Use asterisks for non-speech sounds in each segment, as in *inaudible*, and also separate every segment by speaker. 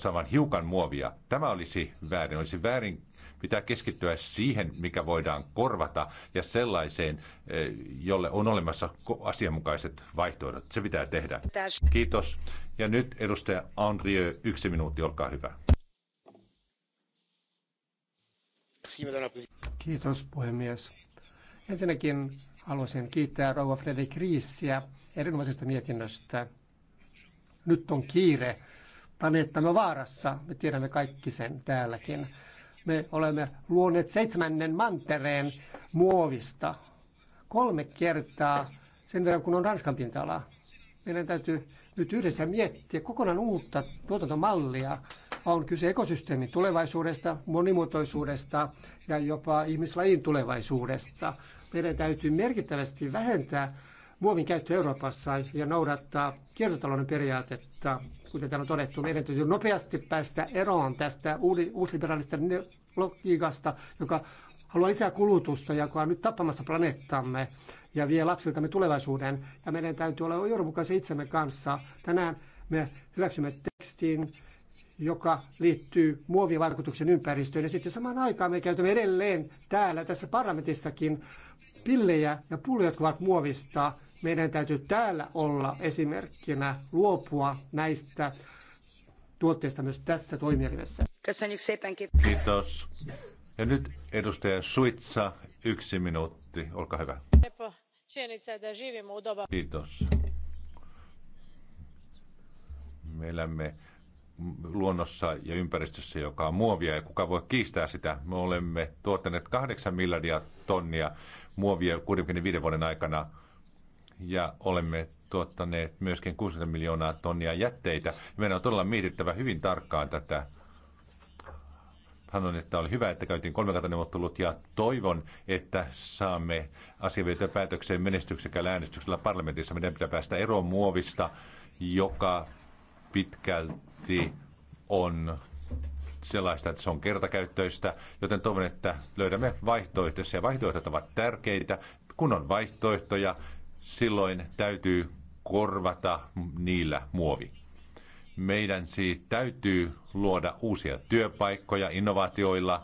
Speaker 1: Saman hiukan muovia. Tämä olisi väärin. Olisi väärin pitää keskittyä siihen, mikä voidaan korvata ja sellaiseen, eh, jolle on olemassa asianmukaiset vaihtoehdot. Se pitää tehdä. Kiitos. Ja nyt edustaja Andrieu, yksi minuutti, olkaa hyvä.
Speaker 2: Kiitos puhemies. Ensinnäkin haluaisin kiittää rouva Fredrik Riisiä erinomaisesta mietinnöstä. Nyt on kiire planeettamme me vaarassa. Me tiedämme kaikki sen täälläkin. Me olemme luoneet seitsemännen mantereen muovista kolme kertaa sen verran, kun on Ranskan pinta-ala. Meidän täytyy nyt yhdessä miettiä kokonaan uutta tuotantomallia. On kyse ekosysteemin tulevaisuudesta, monimuotoisuudesta ja jopa ihmislajin tulevaisuudesta. Meidän täytyy merkittävästi vähentää muovin käyttö Euroopassa ja noudattaa kiertotalouden periaatetta. Kuten täällä on todettu, meidän täytyy nopeasti päästä eroon tästä uusliberaalista logiikasta, joka haluaa lisää kulutusta, ja joka on nyt tappamassa planeettamme ja vie lapsiltamme tulevaisuuden. Ja meidän täytyy olla johdonmukaisia itsemme kanssa. Tänään me hyväksymme tekstin, joka liittyy muovivaikutuksen ympäristöön. Ja sitten samaan aikaan me käytämme edelleen täällä tässä parlamentissakin pillejä ja pulloja, jotka ovat muovista. Meidän täytyy täällä olla esimerkkinä luopua näistä tuotteista myös tässä toimielimessä.
Speaker 1: Kiitos. Ja nyt edustaja Suitsa, yksi minuutti, olkaa hyvä. Kiitos. Me elämme luonnossa ja ympäristössä, joka on muovia, ja kuka voi kiistää sitä. Me olemme tuottaneet kahdeksan miljardia tonnia muovia 65 vuoden aikana ja olemme tuottaneet myöskin 60 miljoonaa tonnia jätteitä. Meidän on todella mietittävä hyvin tarkkaan tätä. Sanoin, että oli hyvä, että käytiin kolmekantaneuvottelut ja toivon, että saamme asiavietoja päätökseen menestyksekällä äänestyksellä parlamentissa. Meidän pitää päästä eroon muovista, joka pitkälti on sellaista, että se on kertakäyttöistä, joten toivon, että löydämme Ja Vaihtoehdot ovat tärkeitä. Kun on vaihtoehtoja, silloin täytyy korvata niillä muovi. Meidän siis täytyy luoda uusia työpaikkoja innovaatioilla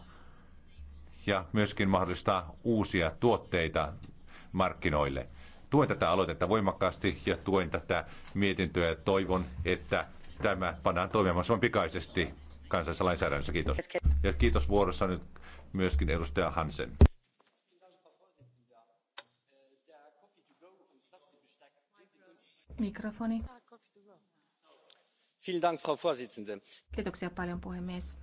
Speaker 1: ja myöskin mahdollistaa uusia tuotteita markkinoille. Tuen tätä aloitetta voimakkaasti ja tuen tätä mietintöä ja toivon, että tämä pannaan toimimaan pikaisesti kansallisessa lainsäädännössä. Kiitos. Ja kiitos vuorossa nyt myöskin edustaja Hansen.
Speaker 2: Mikrofoni.
Speaker 3: Kiitoksia paljon puhemies.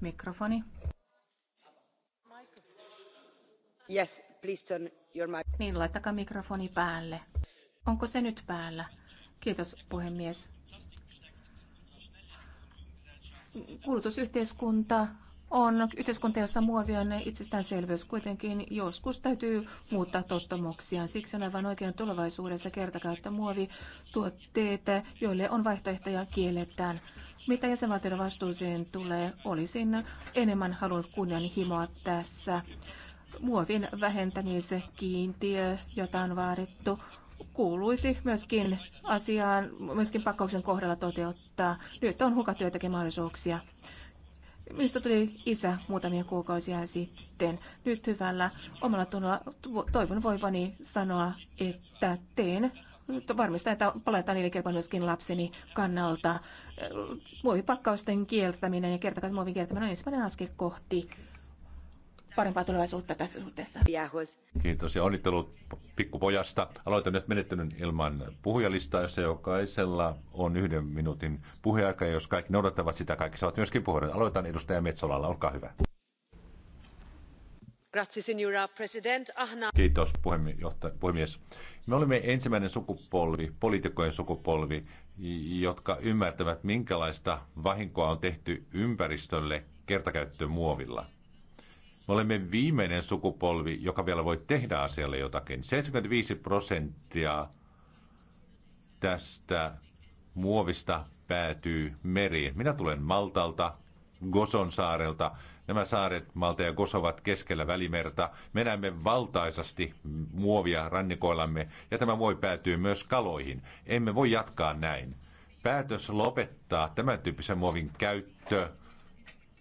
Speaker 3: Mikrofoni.
Speaker 4: Yes, please turn your mic. Niin,
Speaker 3: laittakaa mikrofoni päälle. Onko se nyt päällä? Kiitos puhemies kulutusyhteiskunta on yhteiskunta, jossa muovi on itsestäänselvyys. Kuitenkin joskus täytyy muuttaa tottumuksia. Siksi on aivan oikein tulevaisuudessa muovituotteet, joille on vaihtoehtoja kielletään. Mitä jäsenvaltioiden vastuuseen tulee, olisin enemmän halunnut kunnianhimoa tässä. Muovin vähentämiskiintiö, jota on vaadittu, kuuluisi myöskin asiaan, myöskin pakkauksen kohdalla toteuttaa. Nyt on hukatyötäkin mahdollisuuksia. Minusta tuli isä muutamia kuukausia sitten. Nyt hyvällä omalla tunnolla toivon voivani sanoa, että teen varmistan, että palataan niille kelpaa myöskin lapseni kannalta. Muovipakkausten kieltäminen ja kertakaikkisen muovin kieltäminen on ensimmäinen askel kohti parempaa tulevaisuutta tässä suhteessa.
Speaker 1: Kiitos ja onnittelut pikkupojasta. Aloitan nyt menettelyn ilman puhujalistaa, jossa jokaisella on yhden minuutin puheaika. Ja jos kaikki noudattavat sitä, kaikki saavat myöskin puhua. Aloitan edustaja Metsolalla, olkaa hyvä. Kiitos puhemies. Me olemme ensimmäinen sukupolvi, poliitikkojen sukupolvi, jotka ymmärtävät, minkälaista vahinkoa on tehty ympäristölle kertakäyttömuovilla. Me olemme viimeinen sukupolvi, joka vielä voi tehdä asialle jotakin. 75 prosenttia tästä muovista päätyy meriin. Minä tulen Maltalta, Goson saarelta. Nämä saaret, Malta ja Gos, ovat keskellä välimerta. Me näemme valtaisasti muovia rannikoillamme, ja tämä voi päätyä myös kaloihin. Emme voi jatkaa näin. Päätös lopettaa tämän tyyppisen muovin käyttö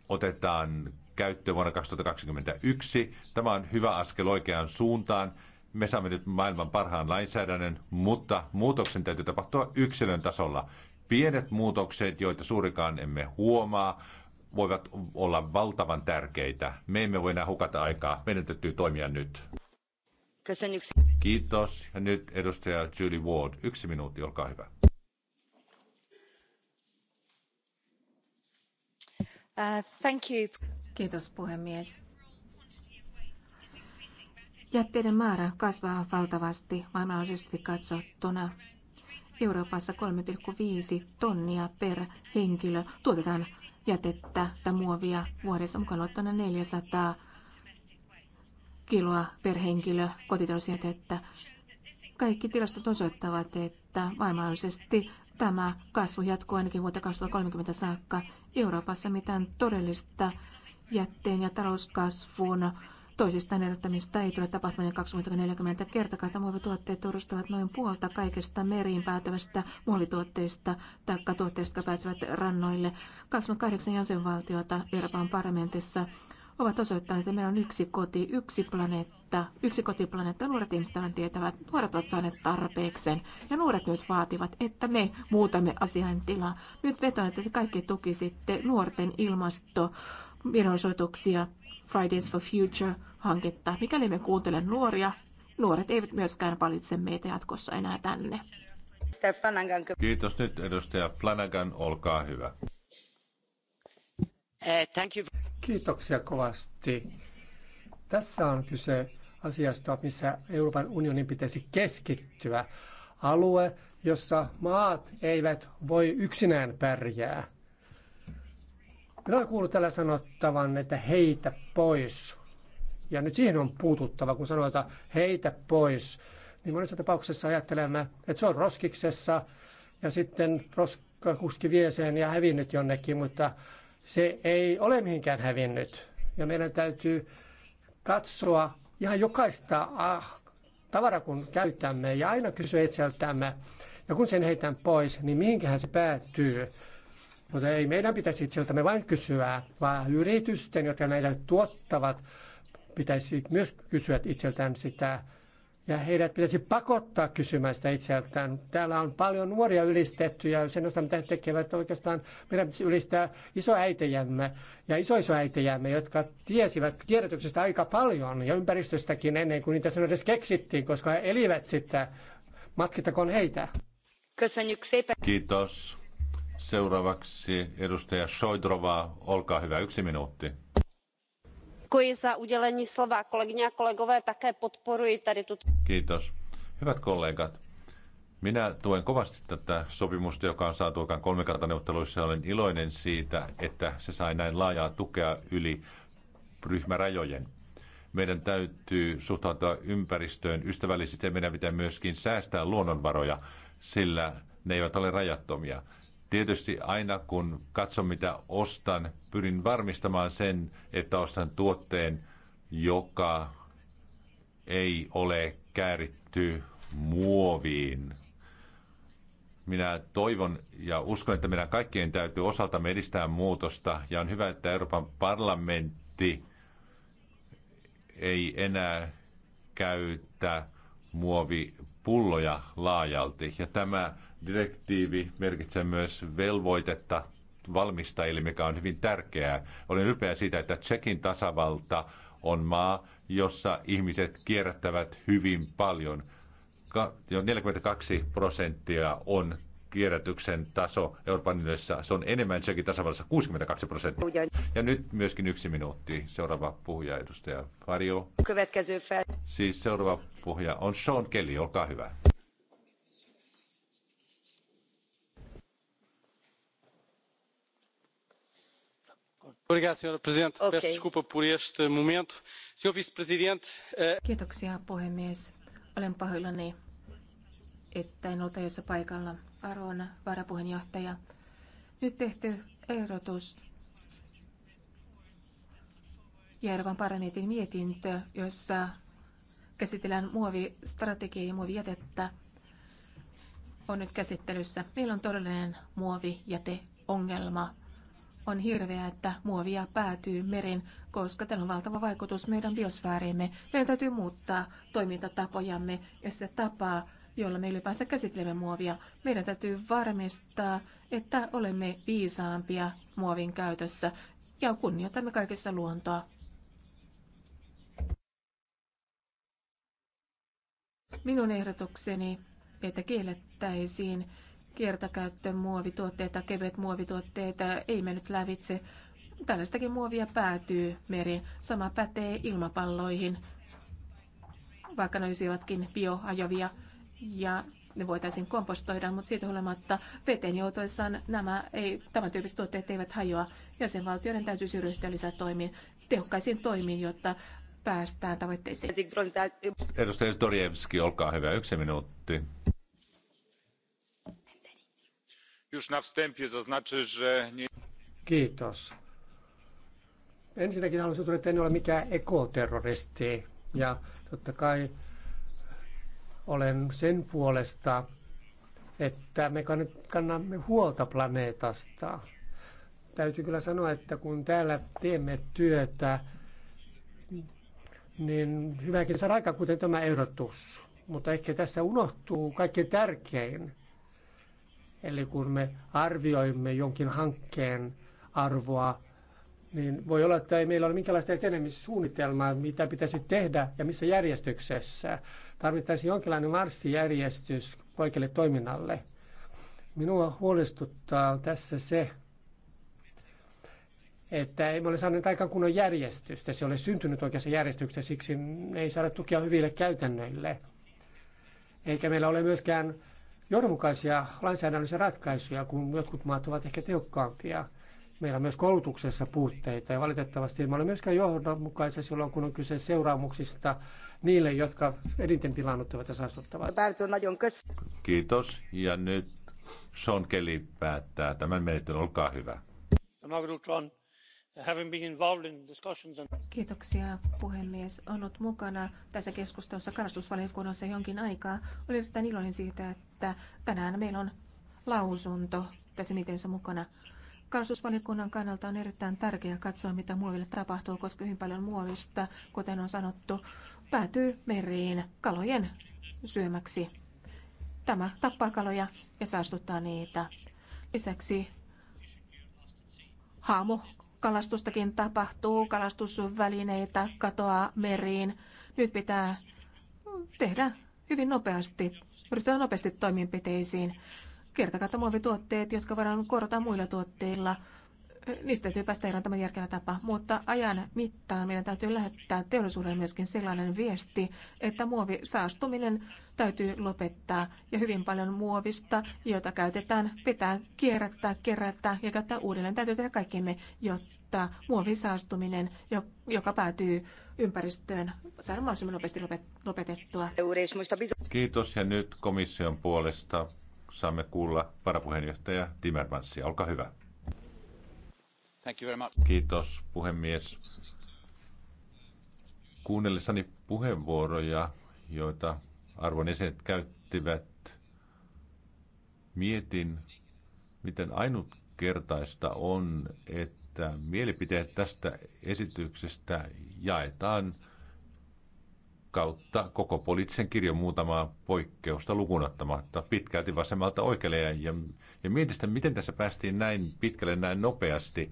Speaker 1: otetaan käyttöön vuonna 2021. Tämä on hyvä askel oikeaan suuntaan. Me saamme nyt maailman parhaan lainsäädännön, mutta muutoksen täytyy tapahtua yksilön tasolla. Pienet muutokset, joita suurikaan emme huomaa, voivat olla valtavan tärkeitä. Me emme voi enää hukata aikaa. Meidän täytyy toimia nyt. Kiitos. Ja nyt edustaja Julie Ward. Yksi minuutti, olkaa hyvä.
Speaker 3: Uh, thank you. Kiitos puhemies. Jätteiden määrä kasvaa valtavasti maailmanlaajuisesti katsottuna. Euroopassa 3,5 tonnia per henkilö tuotetaan jätettä tai muovia vuodessa mukaan ottaen 400 kiloa per henkilö kotitalousjätettä. Kaikki tilastot osoittavat, että maailmanlaajuisesti tämä kasvu jatkuu ainakin vuoteen 2030 saakka. Euroopassa mitään todellista jätteen ja talouskasvun toisistaan erottamista ei tule tapahtumaan 2040 kertakaita muovituotteet todistavat noin puolta kaikesta meriin päätyvästä muovituotteista tai tuotteista, jotka päätyvät rannoille. 28 jäsenvaltiota Euroopan parlamentissa ovat osoittaneet, että meillä on yksi koti, yksi planeetta, yksi kotiplaneetta. Nuoret ihmiset tämän tietävät, nuoret ovat saaneet tarpeekseen ja nuoret nyt vaativat, että me muutamme asiantilaa. Nyt vetoan, että te kaikki tukisitte nuorten ilmasto mielenosoituksia Fridays for Future-hanketta. Mikäli me kuuntele nuoria, nuoret eivät myöskään valitse meitä jatkossa enää tänne.
Speaker 1: Kiitos nyt edustaja Flanagan, olkaa hyvä.
Speaker 2: Thank you. Kiitoksia kovasti. Tässä on kyse asiasta, missä Euroopan unionin pitäisi keskittyä. Alue, jossa maat eivät voi yksinään pärjää. Minä kuullut tällä sanottavan, että heitä pois. Ja nyt siihen on puututtava, kun sanotaan heitä pois. Niin monessa tapauksessa ajattelemme, että se on roskiksessa ja sitten roskakuski vie sen ja hävinnyt jonnekin, mutta se ei ole mihinkään hävinnyt. Ja meidän täytyy katsoa ihan jokaista ah, tavaraa, kun käytämme ja aina kysyä itseltämme. Ja kun sen heitän pois, niin mihinkähän se päättyy. Mutta ei meidän pitäisi itseltämme vain kysyä, vaan yritysten, jotka näitä tuottavat, pitäisi myös kysyä itseltään sitä. Ja heidät pitäisi pakottaa kysymään sitä itseltään. Täällä on paljon nuoria ylistettyjä, ja sen osalta mitä he tekevät oikeastaan. Meidän pitäisi ylistää isoäitejämme ja isoisoäitejämme, jotka tiesivät kierrätyksestä aika paljon ja ympäristöstäkin ennen kuin niitä sen edes keksittiin, koska he elivät sitä. Matkittakoon heitä.
Speaker 1: Kiitos. Seuraavaksi edustaja Šojdrova, olkaa hyvä, yksi minuutti. Kiitos. Hyvät kollegat, minä tuen kovasti tätä sopimusta, joka on saatu aikaan kolmikantaneuvotteluissa. Olen iloinen siitä, että se sai näin laajaa tukea yli ryhmärajojen. Meidän täytyy suhtautua ympäristöön ystävällisesti ja meidän pitää myöskin säästää luonnonvaroja, sillä ne eivät ole rajattomia. Tietysti aina kun katson mitä ostan, pyrin varmistamaan sen, että ostan tuotteen, joka ei ole kääritty muoviin. Minä toivon ja uskon, että meidän kaikkien täytyy osalta edistää muutosta ja on hyvä, että Euroopan parlamentti ei enää käytä muovipulloja laajalti. Ja tämä Direktiivi merkitsee myös velvoitetta valmistajille, mikä on hyvin tärkeää. Olen ylpeä siitä, että Tsekin tasavalta on maa, jossa ihmiset kierrättävät hyvin paljon. Jo 42 prosenttia on kierrätyksen taso Euroopan unionissa. Se on enemmän Tsekin tasavallassa 62 prosenttia. Ja nyt myöskin yksi minuutti. Seuraava puhuja, edustaja Fario. Siis seuraava puhuja on Sean Kelly, olkaa hyvä.
Speaker 2: Senhora por este momento. Eh,
Speaker 3: Kiitoksia puhemies. Olen pahoillani, että en ollut ajoissa paikalla. Arvon varapuheenjohtaja. Nyt tehty ehdotus Järvan paranetin mietintö, jossa käsitellään muovistrategiaa ja muovijätettä, on nyt käsittelyssä. Meillä on todellinen muovijäteongelma on hirveää, että muovia päätyy merin, koska tällä on valtava vaikutus meidän biosfääriimme. Meidän täytyy muuttaa toimintatapojamme ja sitä tapaa, jolla me ylipäänsä käsittelemme muovia. Meidän täytyy varmistaa, että olemme viisaampia muovin käytössä ja kunnioitamme kaikessa luontoa. Minun ehdotukseni, että kiellettäisiin muovituotteita, kevyet muovituotteita ei mennyt lävitse. Tällaistakin muovia päätyy meriin. Sama pätee ilmapalloihin, vaikka ne olisivatkin bioajovia ja ne voitaisiin kompostoida, mutta siitä huolimatta veteen joutuessaan nämä ei, tämän tyyppiset tuotteet eivät hajoa. Jäsenvaltioiden täytyisi ryhtyä lisätoimiin, tehokkaisiin toimiin, jotta päästään tavoitteisiin.
Speaker 1: Edustaja Storjevski, olkaa hyvä. Yksi minuutti. Już na wstępie zaznaczę, że nie...
Speaker 2: Kiitos. Ensinnäkin haluaisin sanoa, että en ole mikään ekoterroristi. Ja totta kai olen sen puolesta, että me kannamme huolta planeetasta. Täytyy kyllä sanoa, että kun täällä teemme työtä, niin hyväkin saada aika, kuten tämä erotus. Mutta ehkä tässä unohtuu kaikkein tärkein. Eli kun me arvioimme jonkin hankkeen arvoa, niin voi olla, että ei meillä ole minkälaista etenemissuunnitelmaa, mitä pitäisi tehdä ja missä järjestyksessä. Tarvittaisiin jonkinlainen marssijärjestys oikealle toiminnalle. Minua huolestuttaa tässä se, että ei ole saanut aikaan kunnon järjestystä. Se ole syntynyt oikeassa järjestyksessä, siksi ei saada tukea hyville käytännöille. Eikä meillä ole myöskään johdonmukaisia lainsäädännöllisiä ratkaisuja, kun jotkut maat ovat ehkä tehokkaampia. Meillä on myös koulutuksessa puutteita ja valitettavasti emme ole myöskään johdonmukaisia silloin, kun on kyse seuraamuksista niille, jotka eniten pilannuttavat ja saastuttavat.
Speaker 1: Kiitos. Ja nyt Sean Kelly päättää tämän menettelyn. Olkaa hyvä.
Speaker 3: Kiitoksia puhemies. Olen ollut mukana tässä keskustelussa kalastusvaliokunnassa jonkin aikaa. Olen erittäin iloinen siitä, että että tänään meillä on lausunto tässä miteensä mukana. Kansallisvaliokunnan kannalta on erittäin tärkeää katsoa, mitä muoville tapahtuu, koska hyvin paljon muovista, kuten on sanottu, päätyy meriin kalojen syömäksi. Tämä tappaa kaloja ja saastuttaa niitä. Lisäksi haamu kalastustakin tapahtuu, kalastusvälineitä katoaa meriin. Nyt pitää tehdä hyvin nopeasti ryhtyä nopeasti toimenpiteisiin. Kertakattamuovituotteet, jotka voidaan korvata muilla tuotteilla, niistä täytyy päästä eroon tämä järkevä tapa, mutta ajan mittaan meidän täytyy lähettää teollisuudelle myöskin sellainen viesti, että muovi saastuminen täytyy lopettaa ja hyvin paljon muovista, jota käytetään, pitää kierrättää, kerätä ja käyttää uudelleen. Täytyy tehdä kaikkemme, jotta muovin muovisaastuminen, joka päätyy ympäristöön, saadaan mahdollisimman nopeasti lopetettua.
Speaker 1: Kiitos ja nyt komission puolesta saamme kuulla varapuheenjohtaja Timmermansia. Olkaa hyvä. Thank you very much. Kiitos puhemies. Kuunnellessani puheenvuoroja, joita arvon esineet käyttivät, mietin, miten ainutkertaista on, että että mielipiteet tästä esityksestä jaetaan kautta koko poliittisen kirjon muutamaa poikkeusta lukunottamatta pitkälti vasemmalta oikealle. Ja, ja, ja mietin sitä, miten tässä päästiin näin pitkälle näin nopeasti.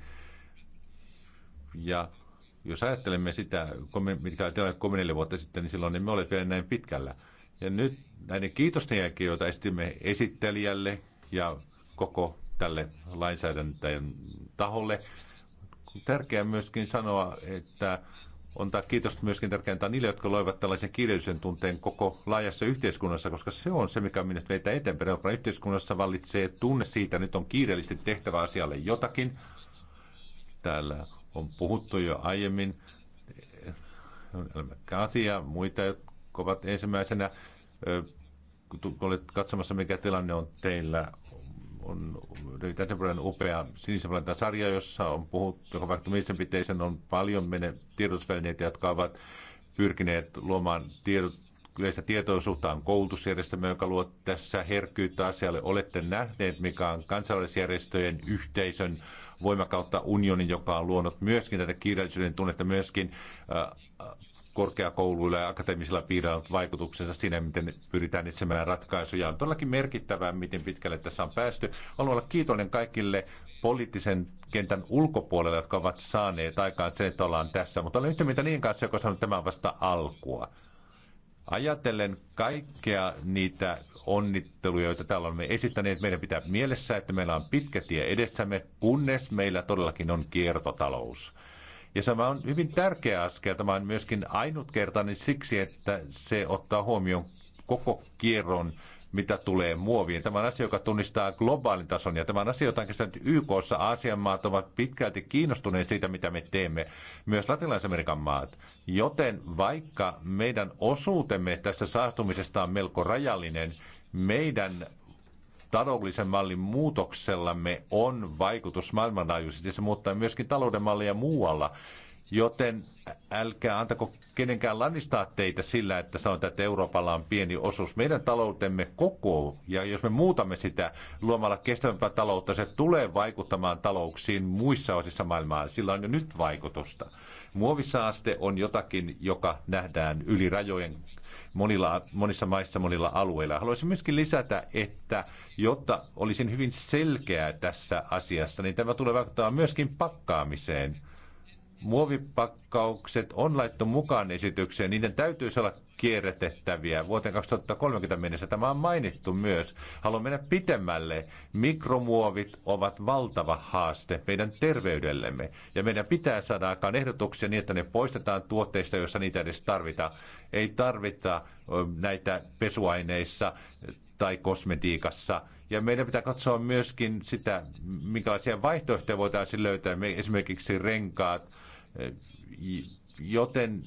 Speaker 1: Ja jos ajattelemme sitä, mitkä oli tilanne kolme neljä vuotta sitten, niin silloin emme ole vielä näin pitkällä. Ja nyt näiden kiitosten jälkeen, joita esitimme esittelijälle ja koko tälle lainsäädäntöjen taholle, on tärkeää myöskin sanoa, että on kiitos myöskin tärkeää antaa niille, jotka loivat tällaisen kirjallisen tunteen koko laajassa yhteiskunnassa, koska se on se, mikä minne meitä eteenpäin. Euroopan yhteiskunnassa vallitsee tunne siitä, että nyt on kiireellisesti tehtävä asialle jotakin. Täällä on puhuttu jo aiemmin asia, muita, jotka ovat ensimmäisenä olet katsomassa, mikä tilanne on teillä on tämmöinen upea sinisen sarja, jossa on puhuttu, joka vaikka sen on paljon mene tiedotusvälineitä, jotka ovat pyrkineet luomaan tiedot, yleistä tietoisuutta on koulutusjärjestelmä, joka luo tässä herkkyyttä asialle. Olette nähneet, mikä on kansalaisjärjestöjen yhteisön voimakautta unionin, joka on luonut myöskin tätä kirjallisuuden tunnetta, myöskin äh, korkeakouluilla ja akateemisilla piirillä on vaikutuksensa siinä, miten pyritään etsimään ratkaisuja. On todellakin merkittävää, miten pitkälle tässä on päästy. Haluan olla kiitollinen kaikille poliittisen kentän ulkopuolella, jotka ovat saaneet aikaan sen, että ollaan tässä. Mutta olen yhtä mitä niin kanssa, joka sanoo, että tämä on vasta alkua. Ajatellen kaikkea niitä onnitteluja, joita täällä olemme esittäneet, meidän pitää mielessä, että meillä on pitkä tie edessämme, kunnes meillä todellakin on kiertotalous. Ja tämä on hyvin tärkeä askel. Tämä on myöskin ainutkertainen siksi, että se ottaa huomioon koko kierron, mitä tulee muoviin. Tämä on asia, joka tunnistaa globaalin tason ja tämä on asia, jota on käsitelty YKssa. Aasian maat ovat pitkälti kiinnostuneet siitä, mitä me teemme, myös Latinalais-Amerikan maat. Joten vaikka meidän osuutemme tästä saastumisesta on melko rajallinen, meidän taloudellisen mallin muutoksellamme on vaikutus maailmanlaajuisesti. Se muuttaa myöskin talouden mallia muualla. Joten älkää antako kenenkään lannistaa teitä sillä, että sanotaan, että Euroopalla on pieni osuus. Meidän taloutemme koko, ja jos me muutamme sitä luomalla kestävämpää taloutta, se tulee vaikuttamaan talouksiin muissa osissa maailmaa. Sillä on jo nyt vaikutusta. Muovisaaste on jotakin, joka nähdään yli rajojen monilla, monissa maissa, monilla alueilla. Haluaisin myöskin lisätä, että jotta olisin hyvin selkeää tässä asiassa, niin tämä tulee vaikuttaa myöskin pakkaamiseen. Muovipakkaukset on laittu mukaan esitykseen. Niiden täytyisi olla kierrätettäviä. Vuoteen 2030 mennessä tämä on mainittu myös. Haluan mennä pitemmälle. Mikromuovit ovat valtava haaste meidän terveydellemme. Ja meidän pitää saada aikaan ehdotuksia niin, että ne poistetaan tuotteista, joissa niitä edes tarvita. Ei tarvita näitä pesuaineissa tai kosmetiikassa. Ja meidän pitää katsoa myöskin sitä, minkälaisia vaihtoehtoja voitaisiin löytää. esimerkiksi renkaat, Joten,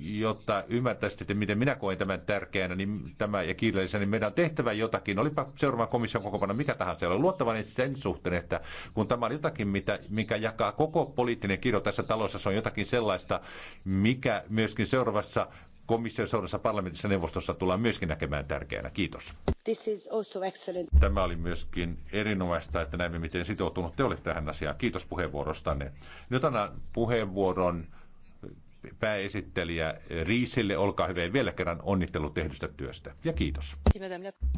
Speaker 1: jotta ymmärtäisitte, miten minä koen tämän tärkeänä niin tämä ja kiireellisenä, niin meidän on tehtävä jotakin. Olipa seuraavan komission kokoonpano mikä tahansa. Olen luottavainen sen suhteen, että kun tämä on jotakin, mitä, mikä jakaa koko poliittinen kirjo tässä talossa, se on jotakin sellaista, mikä myöskin seuraavassa komission seuraavassa parlamentissa neuvostossa tullaan myöskin näkemään tärkeänä. Kiitos.
Speaker 5: This is also excellent.
Speaker 1: Tämä oli myöskin erinomaista, että näemme miten sitoutunut te olette tähän asiaan. Kiitos puheenvuorostanne. Nyt annan puheenvuoron pääesittelijä Riisille. Olkaa hyvä vielä kerran onnittelu tehdystä työstä ja
Speaker 2: kiitos.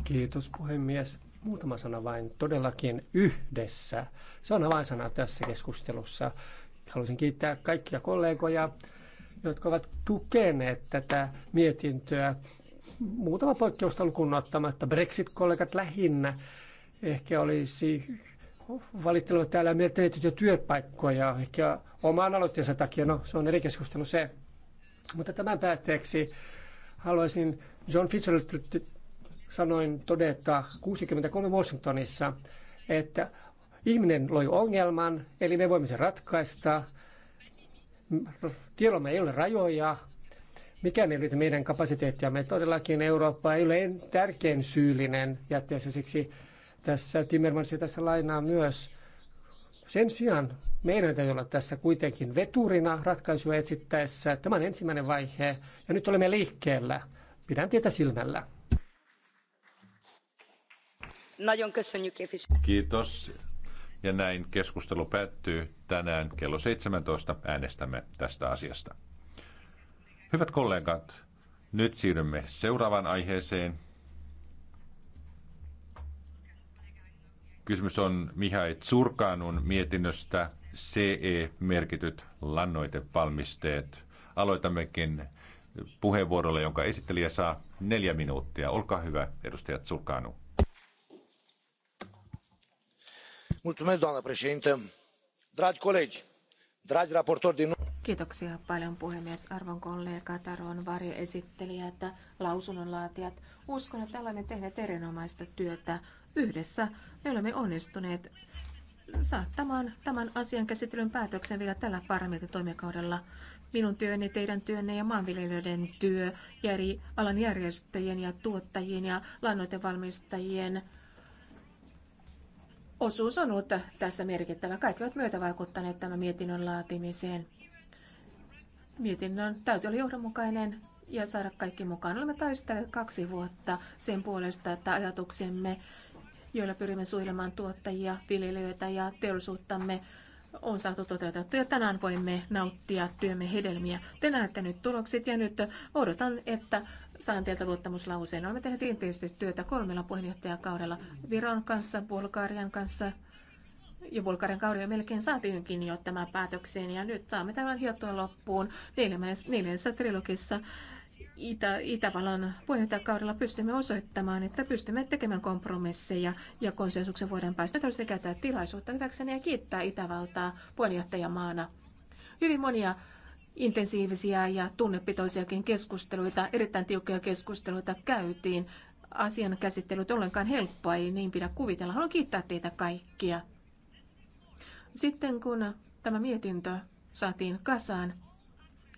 Speaker 2: Kiitos puhemies. Muutama sana vain todellakin yhdessä. Se on avainsana tässä keskustelussa. Haluaisin kiittää kaikkia kollegoja, jotka ovat tukeneet tätä mietintöä. Muutama poikkeusta lukuun ottamatta. Brexit-kollegat lähinnä ehkä olisi valittelevat täällä miettineet jo työpaikkoja, ehkä oman aloitteensa takia. No, se on eri keskustelu se. Mutta tämän päätteeksi haluaisin John Fitzgerald sanoin todeta 63 Washingtonissa, että ihminen loi ongelman, eli me voimme sen ratkaista. Tiedolla ei ole rajoja, mikään ei ole meidän kapasiteettiamme. Todellakin Eurooppa ei ole tärkein syyllinen jätteessä, siksi tässä Timmermans ja tässä lainaa myös sen sijaan meidän täytyy olla tässä kuitenkin veturina ratkaisuja etsittäessä. Tämä on ensimmäinen vaihe ja nyt olemme liikkeellä. Pidän tietä silmällä.
Speaker 1: Kiitos. Ja näin keskustelu päättyy tänään kello 17. Äänestämme tästä asiasta. Hyvät kollegat, nyt siirrymme seuraavaan aiheeseen, Kysymys on Mihai Tsurkanun mietinnöstä CE-merkityt lannoitevalmisteet. Aloitammekin puheenvuorolla, jonka esittelijä saa neljä minuuttia. Olkaa hyvä, edustaja Tsurkanu. Mulțumesc,
Speaker 3: doamnă președintă. Dragi colegi, dragi raportori din... Kiitoksia paljon puhemies, arvon kollegat, arvon varjoesittelijät, lausunnonlaatijat. Uskon, että olemme tehneet erinomaista työtä Yhdessä me olemme onnistuneet saattamaan tämän asian käsittelyn päätöksen vielä tällä parlamentin toimikaudella. Minun työni, teidän työnne ja maanviljelijöiden työ, ja eri alan järjestäjien ja tuottajien ja lannoitevalmistajien osuus on ollut tässä merkittävä. Kaikki ovat myötävaikuttaneet tämän mietinnön laatimiseen. Mietinnön täytyy olla johdonmukainen ja saada kaikki mukaan. Olemme taistelleet kaksi vuotta sen puolesta, että ajatuksemme joilla pyrimme suojelemaan tuottajia, viljelijöitä ja teollisuuttamme on saatu toteutettua ja tänään voimme nauttia työmme hedelmiä. Te näette nyt tulokset ja nyt odotan, että saan teiltä luottamuslauseen. Olemme tehneet intensiivisesti työtä kolmella puheenjohtajakaudella Viron kanssa, Bulgarian kanssa ja Bulgarian kaudella melkein saatiinkin jo tämän päätökseen ja nyt saamme tämän hiottua loppuun neljännessä trilogissa Itä, Itävallan puheenjohtajakaudella pystymme osoittamaan, että pystymme tekemään kompromisseja ja konsensuksen voidaan päästä. Nyt olisi käyttää tilaisuutta hyväkseni ja kiittää Itävaltaa puheenjohtajamaana. Hyvin monia intensiivisiä ja tunnepitoisiakin keskusteluita, erittäin tiukkoja keskusteluita käytiin. Asian käsittelyt ollenkaan helppoa, ei niin pidä kuvitella. Haluan kiittää teitä kaikkia. Sitten kun tämä mietintö saatiin kasaan,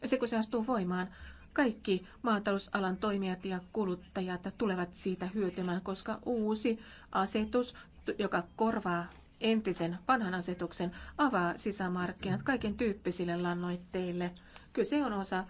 Speaker 3: se kun se astuu voimaan, kaikki maatalousalan toimijat ja kuluttajat tulevat siitä hyötymään, koska uusi asetus, joka korvaa entisen vanhan asetuksen, avaa sisämarkkinat kaiken tyyppisille lannoitteille. Kyse on osa,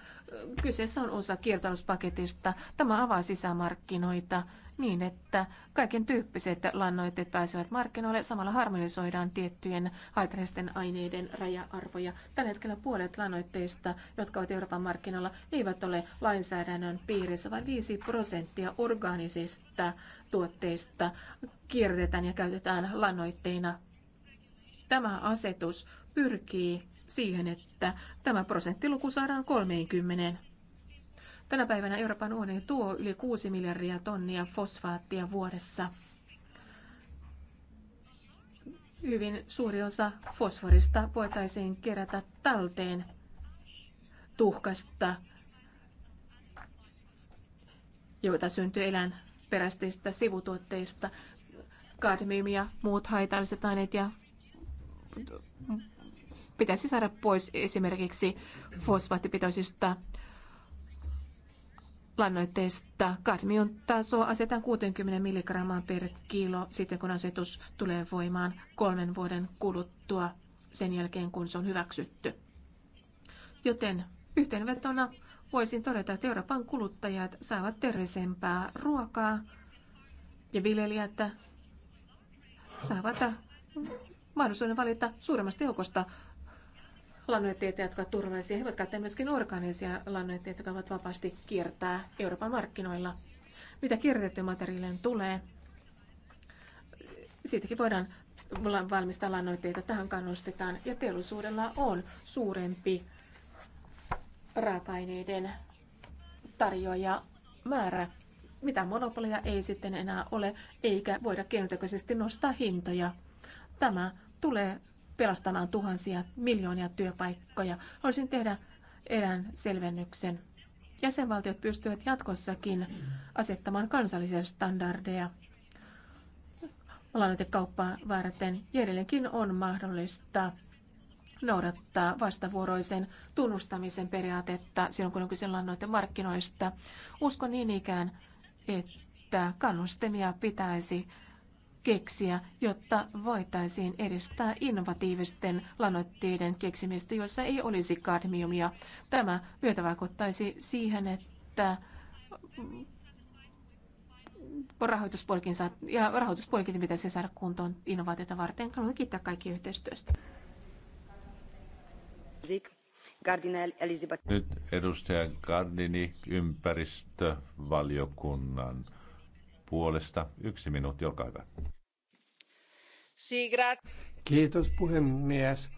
Speaker 3: kyseessä on osa kiertotalouspaketista. Tämä avaa sisämarkkinoita niin, että kaiken tyyppiset lannoitteet pääsevät markkinoille. Samalla harmonisoidaan tiettyjen haitallisten aineiden raja-arvoja. Tällä hetkellä puolet lannoitteista, jotka ovat Euroopan markkinoilla, eivät ole lainsäädännön piirissä, vaan 5 prosenttia orgaanisista tuotteista kierretään ja käytetään lannoitteina. Tämä asetus pyrkii siihen, että tämä prosenttiluku saadaan 30 Tänä päivänä Euroopan unioni tuo yli 6 miljardia tonnia fosfaattia vuodessa. Hyvin suuri osa fosforista voitaisiin kerätä talteen tuhkasta, joita syntyy eläinperäisistä sivutuotteista, kadmium ja muut haitalliset aineet ja pitäisi saada pois esimerkiksi fosfaattipitoisista lannoitteista kadmion taso asetetaan 60 mg per kilo sitten, kun asetus tulee voimaan kolmen vuoden kuluttua sen jälkeen, kun se on hyväksytty. Joten yhteenvetona voisin todeta, että Euroopan kuluttajat saavat terveisempää ruokaa ja viljelijät saavat mahdollisuuden valita suuremmasta joukosta lannoitteita, jotka ovat turvallisia. He voivat käyttää myöskin orgaanisia lannoitteita, jotka ovat vapaasti kiertää Euroopan markkinoilla. Mitä kierrätettyyn materiaaliin tulee, siitäkin voidaan valmistaa lannoitteita. Tähän kannustetaan ja teollisuudella on suurempi raaka-aineiden tarjoaja määrä. Mitä monopolia ei sitten enää ole, eikä voida keinotekoisesti nostaa hintoja. Tämä tulee pelastamaan tuhansia, miljoonia työpaikkoja. Haluaisin tehdä erään selvennyksen. Jäsenvaltiot pystyvät jatkossakin asettamaan kansallisia standardeja lannoitekauppaa varten ja edelleenkin on mahdollista noudattaa vastavuoroisen tunnustamisen periaatetta silloin, kun on kyse markkinoista. Uskon niin ikään, että kannustimia pitäisi keksiä, jotta voitaisiin edistää innovatiivisten lannoitteiden keksimistä, joissa ei olisi kadmiumia. Tämä myötä vaikuttaisi siihen, että rahoituspuolikin, saa, ja rahoituspuolikin pitäisi saada kuntoon innovaatiota varten. Haluan kiittää kaikki yhteistyöstä.
Speaker 1: Nyt edustaja Gardini ympäristövaliokunnan puolesta. Yksi minuutti, olkaa hyvä.
Speaker 2: Kiitos puhemies.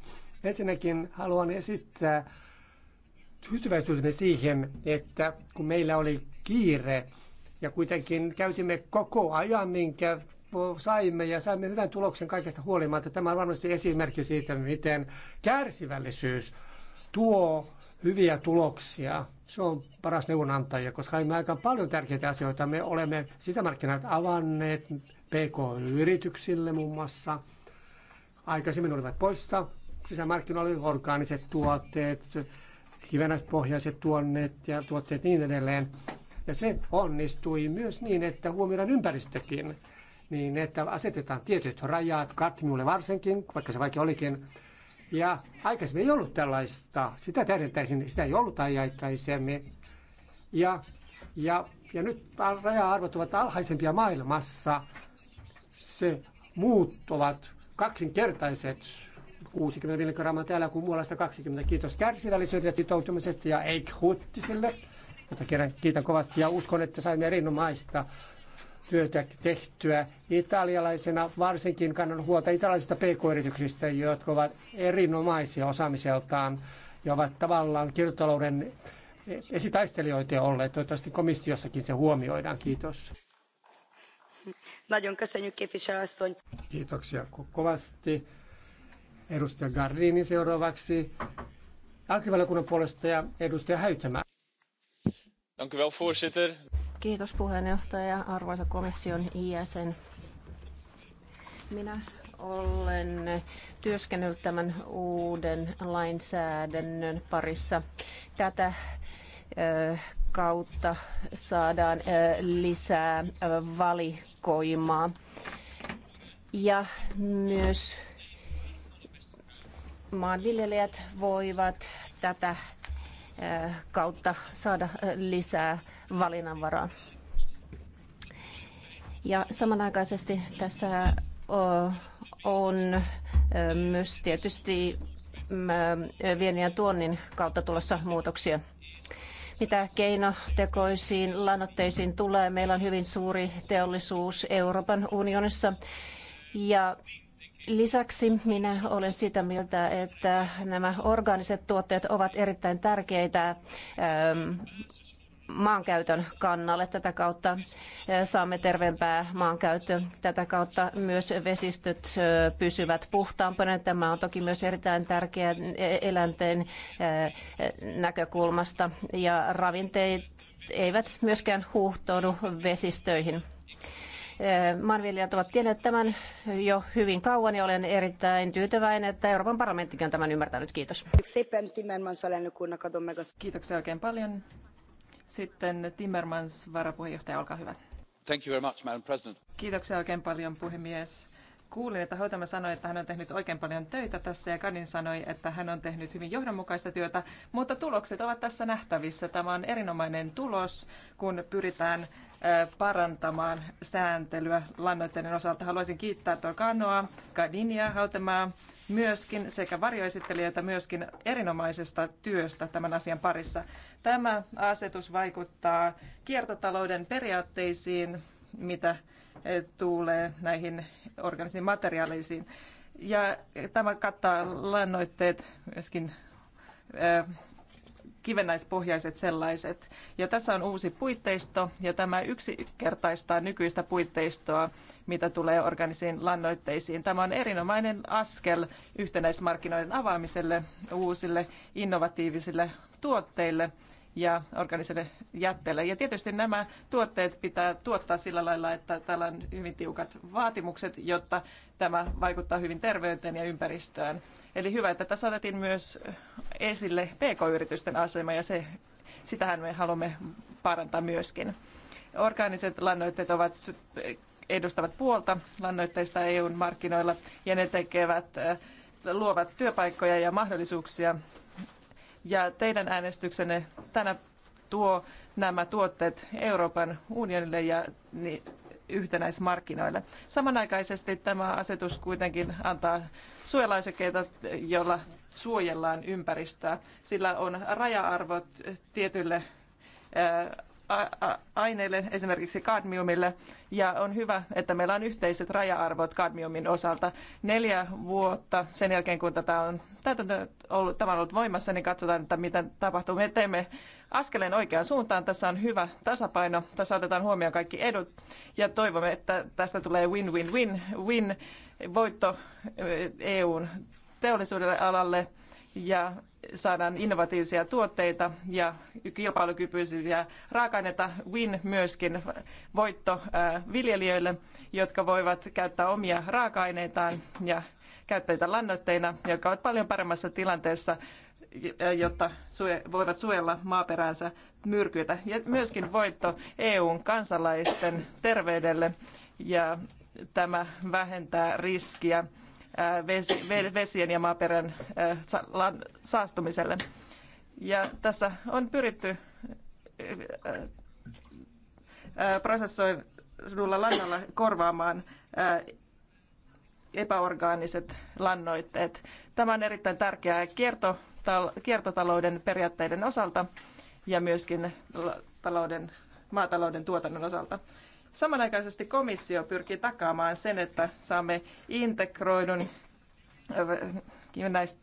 Speaker 2: Ensinnäkin haluan esittää tyytyväisyyteni siihen, että kun meillä oli kiire ja kuitenkin käytimme koko ajan, minkä saimme ja saimme hyvän tuloksen kaikesta huolimatta. Tämä on varmasti esimerkki siitä, miten kärsivällisyys tuo hyviä tuloksia. Se on paras neuvonantaja, koska me aika paljon tärkeitä asioita. Me olemme sisämarkkinat avanneet PK-yrityksille muun muassa. Aikaisemmin olivat poissa sisämarkkinoilla oli orgaaniset tuotteet, kivenäispohjaiset tuonneet ja tuotteet niin edelleen. Ja se onnistui myös niin, että huomioidaan ympäristökin, niin että asetetaan tietyt rajat, kadmiulle varsinkin, vaikka se vaikka olikin, ja aikaisemmin ei ollut tällaista, sitä tähdentäisin, sitä ei ollut aikaisemmin. Ja, ja, ja nyt raja-arvot ovat alhaisempia maailmassa. Se muut ovat kaksinkertaiset 60 milligrammaa täällä kuin muualla 120. Kiitos kärsivällisyydestä sitoutumisesta ja Eik Huttiselle, jota kerran kiitän kovasti ja uskon, että saimme erinomaista työtä tehtyä italialaisena, varsinkin kannan huolta italialaisista pk-yrityksistä, jotka ovat erinomaisia osaamiseltaan ja ovat tavallaan kiertotalouden esitaistelijoita olleet. Toivottavasti komissiossakin se huomioidaan. Kiitos. Kiitoksia kovasti. Edustaja Gardini seuraavaksi. Alkivaliokunnan puolesta ja edustaja Häytämä.
Speaker 1: Dank u wel, voorzitter.
Speaker 6: Kiitos puheenjohtaja, arvoisa komission jäsen. Minä olen työskennellyt tämän uuden lainsäädännön parissa. Tätä kautta saadaan lisää valikoimaa. Ja myös maanviljelijät voivat tätä kautta saada lisää valinnanvaraa. Ja samanaikaisesti tässä on myös tietysti viennin ja tuonnin kautta tulossa muutoksia. Mitä keinotekoisiin lannoitteisiin tulee, meillä on hyvin suuri teollisuus Euroopan unionissa. Ja lisäksi minä olen sitä mieltä, että nämä orgaaniset tuotteet ovat erittäin tärkeitä maankäytön kannalle. Tätä kautta e, saamme terveempää maankäyttöä. Tätä kautta myös vesistöt e, pysyvät puhtaampana. Tämä on toki myös erittäin tärkeä e, eläinten näkökulmasta. Ja ravinteet eivät myöskään huuhtoudu vesistöihin. Maanviljelijät ovat tienneet tämän jo hyvin kauan ja olen erittäin tyytyväinen, että
Speaker 7: Euroopan parlamenttikin on tämän ymmärtänyt. Kiitos. Kiitoksia oikein paljon. Sitten Timmermans, varapuheenjohtaja, olkaa hyvä.
Speaker 2: Thank you very much, Madam President.
Speaker 7: Kiitoksia oikein paljon, puhemies. Kuulin, että hoitamme sanoi, että hän on tehnyt oikein paljon töitä tässä ja Kadin sanoi, että hän on tehnyt hyvin johdonmukaista työtä, mutta tulokset ovat tässä nähtävissä. Tämä on erinomainen tulos, kun pyritään parantamaan sääntelyä lannoitteiden osalta. Haluaisin kiittää tuo Kanoa, Kadinia, Hautemaa, myöskin sekä varjoesittelijöitä myöskin erinomaisesta työstä tämän asian parissa. Tämä asetus vaikuttaa kiertotalouden periaatteisiin, mitä eh, tulee näihin organisiin materiaaleisiin. Ja tämä kattaa lannoitteet myöskin eh, kivennäispohjaiset sellaiset. Ja tässä on uusi puitteisto ja tämä yksinkertaistaa nykyistä puitteistoa, mitä tulee organisiin lannoitteisiin. Tämä on erinomainen askel yhtenäismarkkinoiden avaamiselle uusille innovatiivisille tuotteille ja organiselle jätteelle. Ja tietysti nämä tuotteet pitää tuottaa sillä lailla, että täällä on hyvin tiukat vaatimukset, jotta tämä vaikuttaa hyvin terveyteen ja ympäristöön. Eli hyvä, että tässä otettiin myös esille pk-yritysten asema ja se, sitähän me haluamme parantaa myöskin. Orgaaniset lannoitteet ovat edustavat puolta lannoitteista eu markkinoilla ja ne tekevät luovat työpaikkoja ja mahdollisuuksia ja teidän äänestyksenne tänä tuo nämä tuotteet Euroopan unionille ja niin, yhtenäismarkkinoille. Samanaikaisesti tämä asetus kuitenkin antaa suojelaisekeita, jolla suojellaan ympäristöä. Sillä on raja-arvot tietylle aineille, esimerkiksi kadmiumille, ja on hyvä, että meillä on yhteiset raja-arvot kadmiumin osalta. Neljä vuotta sen jälkeen, kun tätä on, tätä on ollut, tämä on ollut voimassa, niin katsotaan, että mitä tapahtuu. Me teemme askeleen oikeaan suuntaan. Tässä on hyvä tasapaino. Tässä otetaan huomioon kaikki edut ja toivomme, että tästä tulee win-win-win-win voitto eh, EUn teollisuudelle alalle ja saadaan innovatiivisia tuotteita ja kilpailukykyisiä raaka-aineita. Win myöskin voitto äh, viljelijöille, jotka voivat käyttää omia raaka-aineitaan ja käyttäjitä lannoitteina, jotka ovat paljon paremmassa tilanteessa, äh, jotta voivat suojella maaperäänsä myrkyiltä. Ja myöskin voitto EUn kansalaisten terveydelle ja tämä vähentää riskiä vesien ja maaperän saastumiselle. Ja tässä on pyritty prosessoidulla lannalla korvaamaan epäorgaaniset lannoitteet. Tämä on erittäin tärkeää kiertotalouden periaatteiden osalta ja myöskin talouden, maatalouden tuotannon osalta. Samanaikaisesti komissio pyrkii takaamaan sen, että saamme integroidun äh, näistä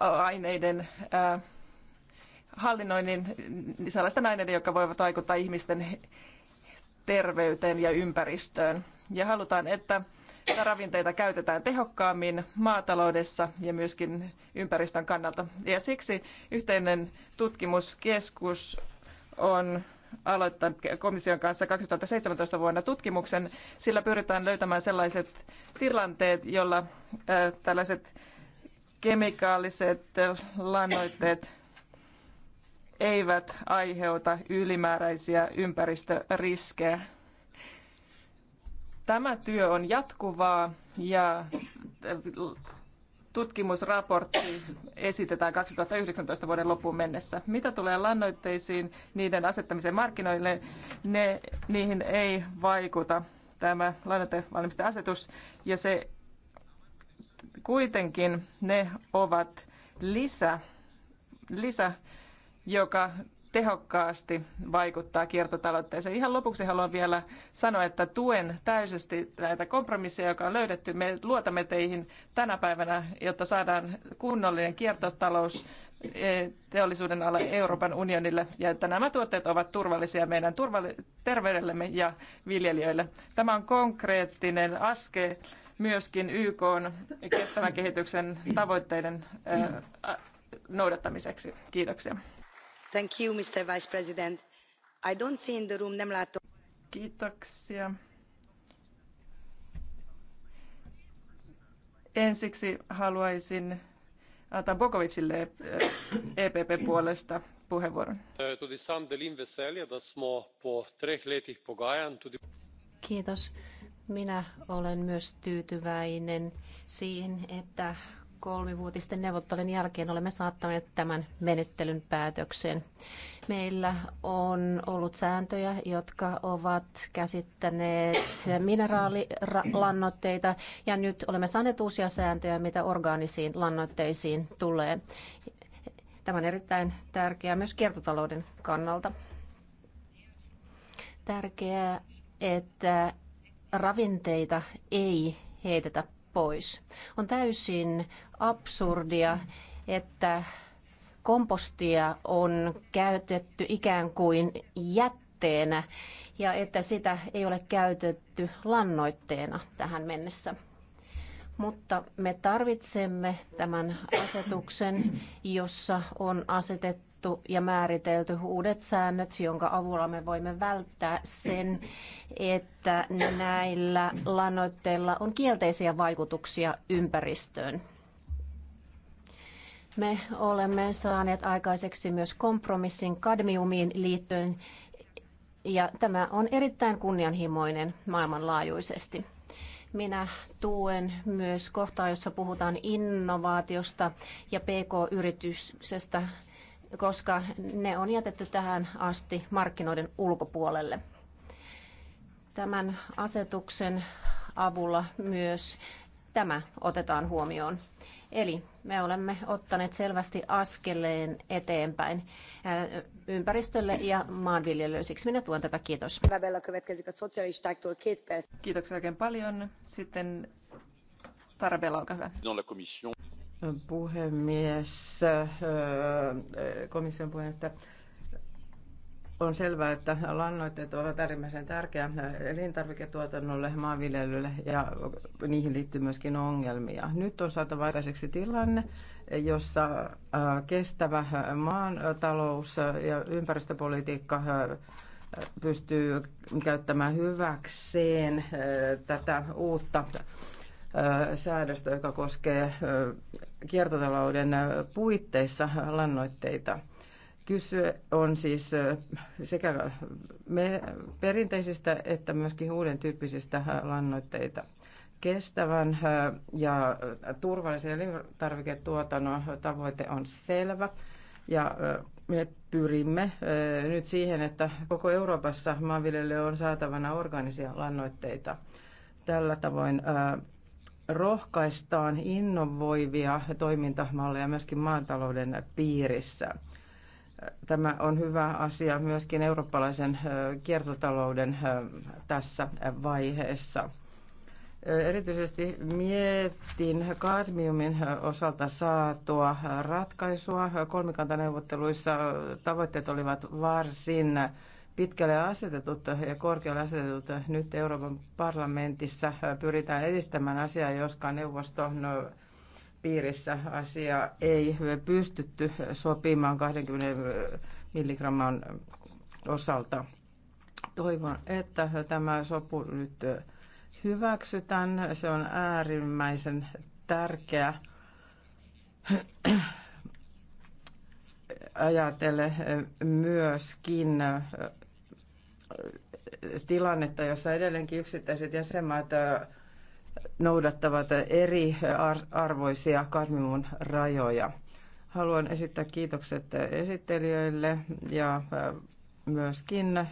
Speaker 7: aineiden äh, hallinnoinnin niin sellaisten aineiden, jotka voivat vaikuttaa ihmisten terveyteen ja ympäristöön. Ja halutaan, että ravinteita käytetään tehokkaammin maataloudessa ja myöskin ympäristön kannalta. Ja siksi yhteinen tutkimuskeskus on aloittanut komission kanssa 2017 vuonna tutkimuksen. Sillä pyritään löytämään sellaiset tilanteet, jolla tällaiset kemikaaliset lannoitteet eivät aiheuta ylimääräisiä ympäristöriskejä. Tämä työ on jatkuvaa ja tutkimusraportti esitetään 2019 vuoden loppuun mennessä. Mitä tulee lannoitteisiin, niiden asettamiseen markkinoille, ne, niihin ei vaikuta tämä lannoitevalmisteasetus ja se kuitenkin ne ovat lisä, lisä joka tehokkaasti vaikuttaa kiertotalouteen. Ihan lopuksi haluan vielä sanoa, että tuen täysesti näitä kompromisseja, joka on löydetty. Me luotamme teihin tänä päivänä, jotta saadaan kunnollinen kiertotalous eh, teollisuuden alle Euroopan unionille ja että nämä tuotteet ovat turvallisia meidän turvalli- terveydellemme ja viljelijöille. Tämä on konkreettinen askel myöskin YK on kestävän kehityksen tavoitteiden eh, noudattamiseksi. Kiitoksia.
Speaker 5: Kiitoksia.
Speaker 7: Ensiksi haluaisin antaa Bokovicille EPP eh, e puolesta puheenvuoron.
Speaker 6: Kiitos. Minä olen myös tyytyväinen siihen, että kolmivuotisten neuvottelujen jälkeen olemme saattaneet tämän menettelyn päätökseen. Meillä on ollut sääntöjä, jotka ovat käsittäneet mineraalilannoitteita ja nyt olemme saaneet uusia sääntöjä, mitä orgaanisiin lannoitteisiin tulee. Tämä on erittäin tärkeää myös kiertotalouden kannalta. Tärkeää, että ravinteita ei heitetä pois. On täysin absurdia, että kompostia on käytetty ikään kuin jätteenä ja että sitä ei ole käytetty lannoitteena tähän mennessä. Mutta me tarvitsemme tämän asetuksen, jossa on asetettu sovittu ja määritelty uudet säännöt, jonka avulla me voimme välttää sen, että näillä lannoitteilla on kielteisiä vaikutuksia ympäristöön. Me olemme saaneet aikaiseksi myös kompromissin kadmiumiin liittyen, ja tämä on erittäin kunnianhimoinen maailmanlaajuisesti. Minä tuen myös kohtaa, jossa puhutaan innovaatiosta ja pk-yrityksestä koska ne on jätetty tähän asti markkinoiden ulkopuolelle. Tämän asetuksen avulla myös tämä otetaan huomioon. Eli me olemme ottaneet selvästi askeleen eteenpäin äh, ympäristölle ja maanviljelijöille. Siksi minä tuen tätä. Kiitos.
Speaker 7: Kiitoksia oikein paljon. Sitten Tarabella, olkaa hyvä
Speaker 4: puhemies, komission puheenjohtaja. On selvää, että lannoitteet ovat äärimmäisen tärkeä elintarviketuotannolle, maanviljelylle ja niihin liittyy myöskin ongelmia. Nyt on saatava aikaiseksi tilanne, jossa äh, kestävä maantalous ja ympäristöpolitiikka äh, pystyy käyttämään hyväkseen äh, tätä uutta säädöstä, joka koskee kiertotalouden puitteissa lannoitteita. Kyse on siis sekä me perinteisistä että myöskin uuden tyyppisistä lannoitteita. Kestävän ja turvallisen elintarviketuotannon tavoite on selvä ja me pyrimme nyt siihen, että koko Euroopassa maanviljelijöille on saatavana organisia lannoitteita. Tällä tavoin rohkaistaan innovoivia toimintamalleja myöskin maatalouden piirissä. Tämä on hyvä asia myöskin eurooppalaisen kiertotalouden tässä vaiheessa. Erityisesti mietin kadmiumin osalta saatua ratkaisua. Kolmikantaneuvotteluissa tavoitteet olivat varsin pitkälle asetetut ja korkealle asetetut nyt Euroopan parlamentissa pyritään edistämään asiaa, joska neuvoston piirissä asia ei pystytty sopimaan 20 milligramman osalta. Toivon, että tämä sopu nyt hyväksytään. Se on äärimmäisen tärkeä ajatelle myöskin tilannetta, jossa edelleenkin yksittäiset jäsenmaat noudattavat eri arvoisia kadmiumin rajoja. Haluan esittää kiitokset esittelijöille ja myöskin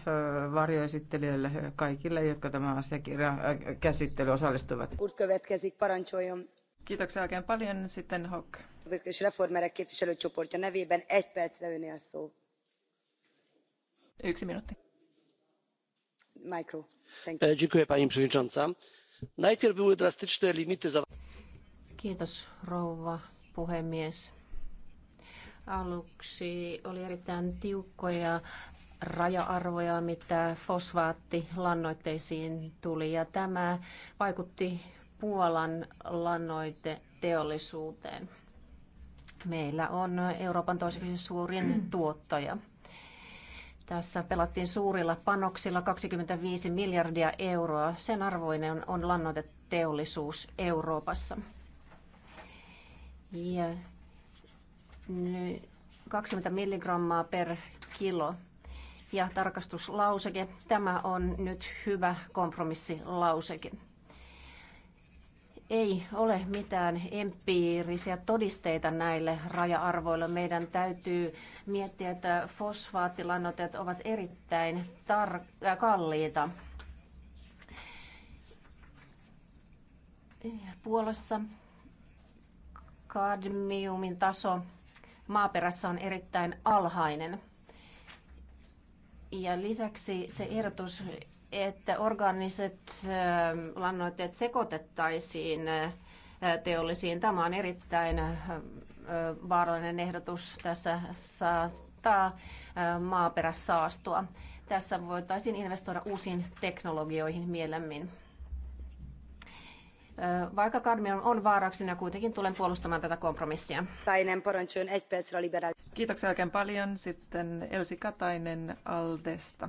Speaker 4: varjoesittelijöille kaikille, jotka tämä asiakirja käsittely osallistuvat.
Speaker 7: Kiitoksia oikein paljon. Sitten Hock. Yksi minuutti
Speaker 6: E,
Speaker 2: pani przewodnicząca! najpierw były drastyczne limity.
Speaker 6: kiitos rouva puhemies aluksi oli erittäin tiukkoja raja-arvoja, mitä fosfaattilannoitteisiin tuli, ja tämä vaikutti Puolan lannoiteteollisuuteen. Meillä on Euroopan toiseksi suurin tuottaja. Tässä pelattiin suurilla panoksilla 25 miljardia euroa. Sen arvoinen on lannoiteteollisuus Euroopassa. Ja 20 milligrammaa per kilo ja tarkastuslauseke. Tämä on nyt hyvä kompromissilauseke ei ole mitään empiirisiä todisteita näille raja-arvoille. Meidän täytyy miettiä, että fosfaattilannoitteet ovat erittäin tar- äh, kalliita. Puolassa kadmiumin taso maaperässä on erittäin alhainen. Ja lisäksi se ehdotus, että orgaaniset ähm, lannoitteet sekoitettaisiin äh, teollisiin. Tämä on erittäin äh, vaarallinen ehdotus. Tässä saattaa äh, maaperä saastua. Tässä voitaisiin investoida uusiin teknologioihin mielemmin. Vaikka kadmium on vaaraksi, niin kuitenkin tulen puolustamaan
Speaker 7: tätä kompromissia. Kiitoksia oikein paljon. Sitten Elsi Katainen Aldesta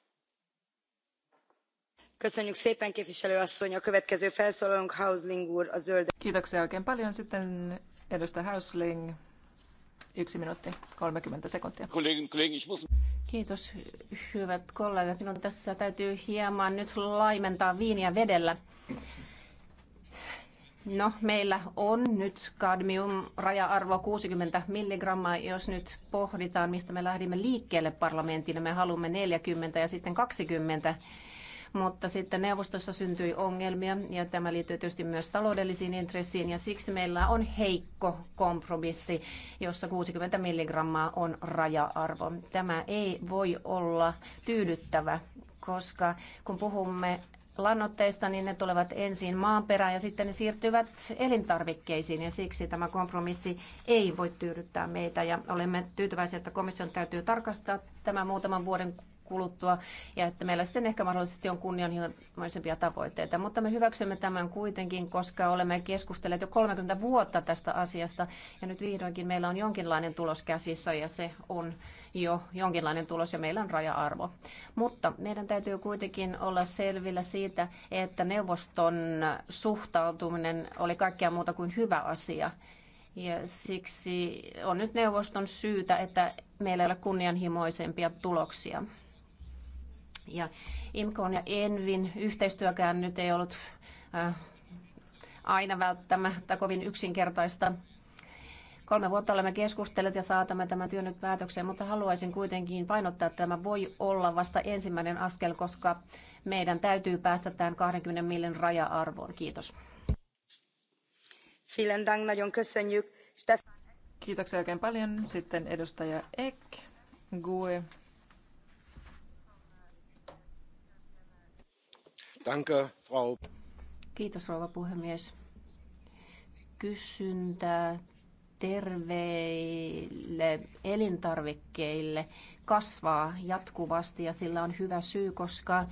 Speaker 7: Kiitoksia oikein paljon. Sitten edustaja Häusling, yksi minuutti 30 sekuntia. Kiitos, hyvät
Speaker 6: kollegat. Minun tässä täytyy hieman nyt laimentaa viiniä vedellä. No, meillä on nyt kadmium-raja-arvo 60 milligrammaa. Jos nyt pohditaan, mistä me lähdimme liikkeelle parlamentille, niin me haluamme 40 ja sitten 20 mutta sitten neuvostossa syntyi ongelmia ja tämä liittyy tietysti myös taloudellisiin intressiin ja siksi meillä on heikko kompromissi, jossa 60 milligrammaa on raja-arvo. Tämä ei voi olla tyydyttävä, koska kun puhumme lannoitteista, niin ne tulevat ensin maanperään ja sitten ne siirtyvät elintarvikkeisiin ja siksi tämä kompromissi ei voi tyydyttää meitä ja olemme tyytyväisiä, että komission täytyy tarkastaa tämä muutaman vuoden kuluttua ja että meillä sitten ehkä mahdollisesti on kunnianhimoisempia tavoitteita. Mutta me hyväksymme tämän kuitenkin, koska olemme keskustelleet jo 30 vuotta tästä asiasta ja nyt vihdoinkin meillä on jonkinlainen tulos käsissä ja se on jo jonkinlainen tulos ja meillä on raja-arvo. Mutta meidän täytyy kuitenkin olla selvillä siitä, että neuvoston suhtautuminen oli kaikkea muuta kuin hyvä asia. Ja siksi on nyt neuvoston syytä, että meillä ei ole kunnianhimoisempia tuloksia. Ja IMKON ja ENVin yhteistyökään nyt ei ollut äh, aina välttämättä kovin yksinkertaista. Kolme vuotta olemme keskustelleet ja saatamme tämän työn nyt päätökseen, mutta haluaisin kuitenkin painottaa, että tämä voi olla vasta ensimmäinen askel, koska meidän täytyy päästä tähän 20 millin raja-arvoon. Kiitos.
Speaker 7: Kiitoksia oikein paljon. Sitten edustaja Ek, GUE, Kiitos,
Speaker 6: rouva puhemies. Kysyntä terveille elintarvikkeille kasvaa jatkuvasti ja sillä on hyvä syy, koska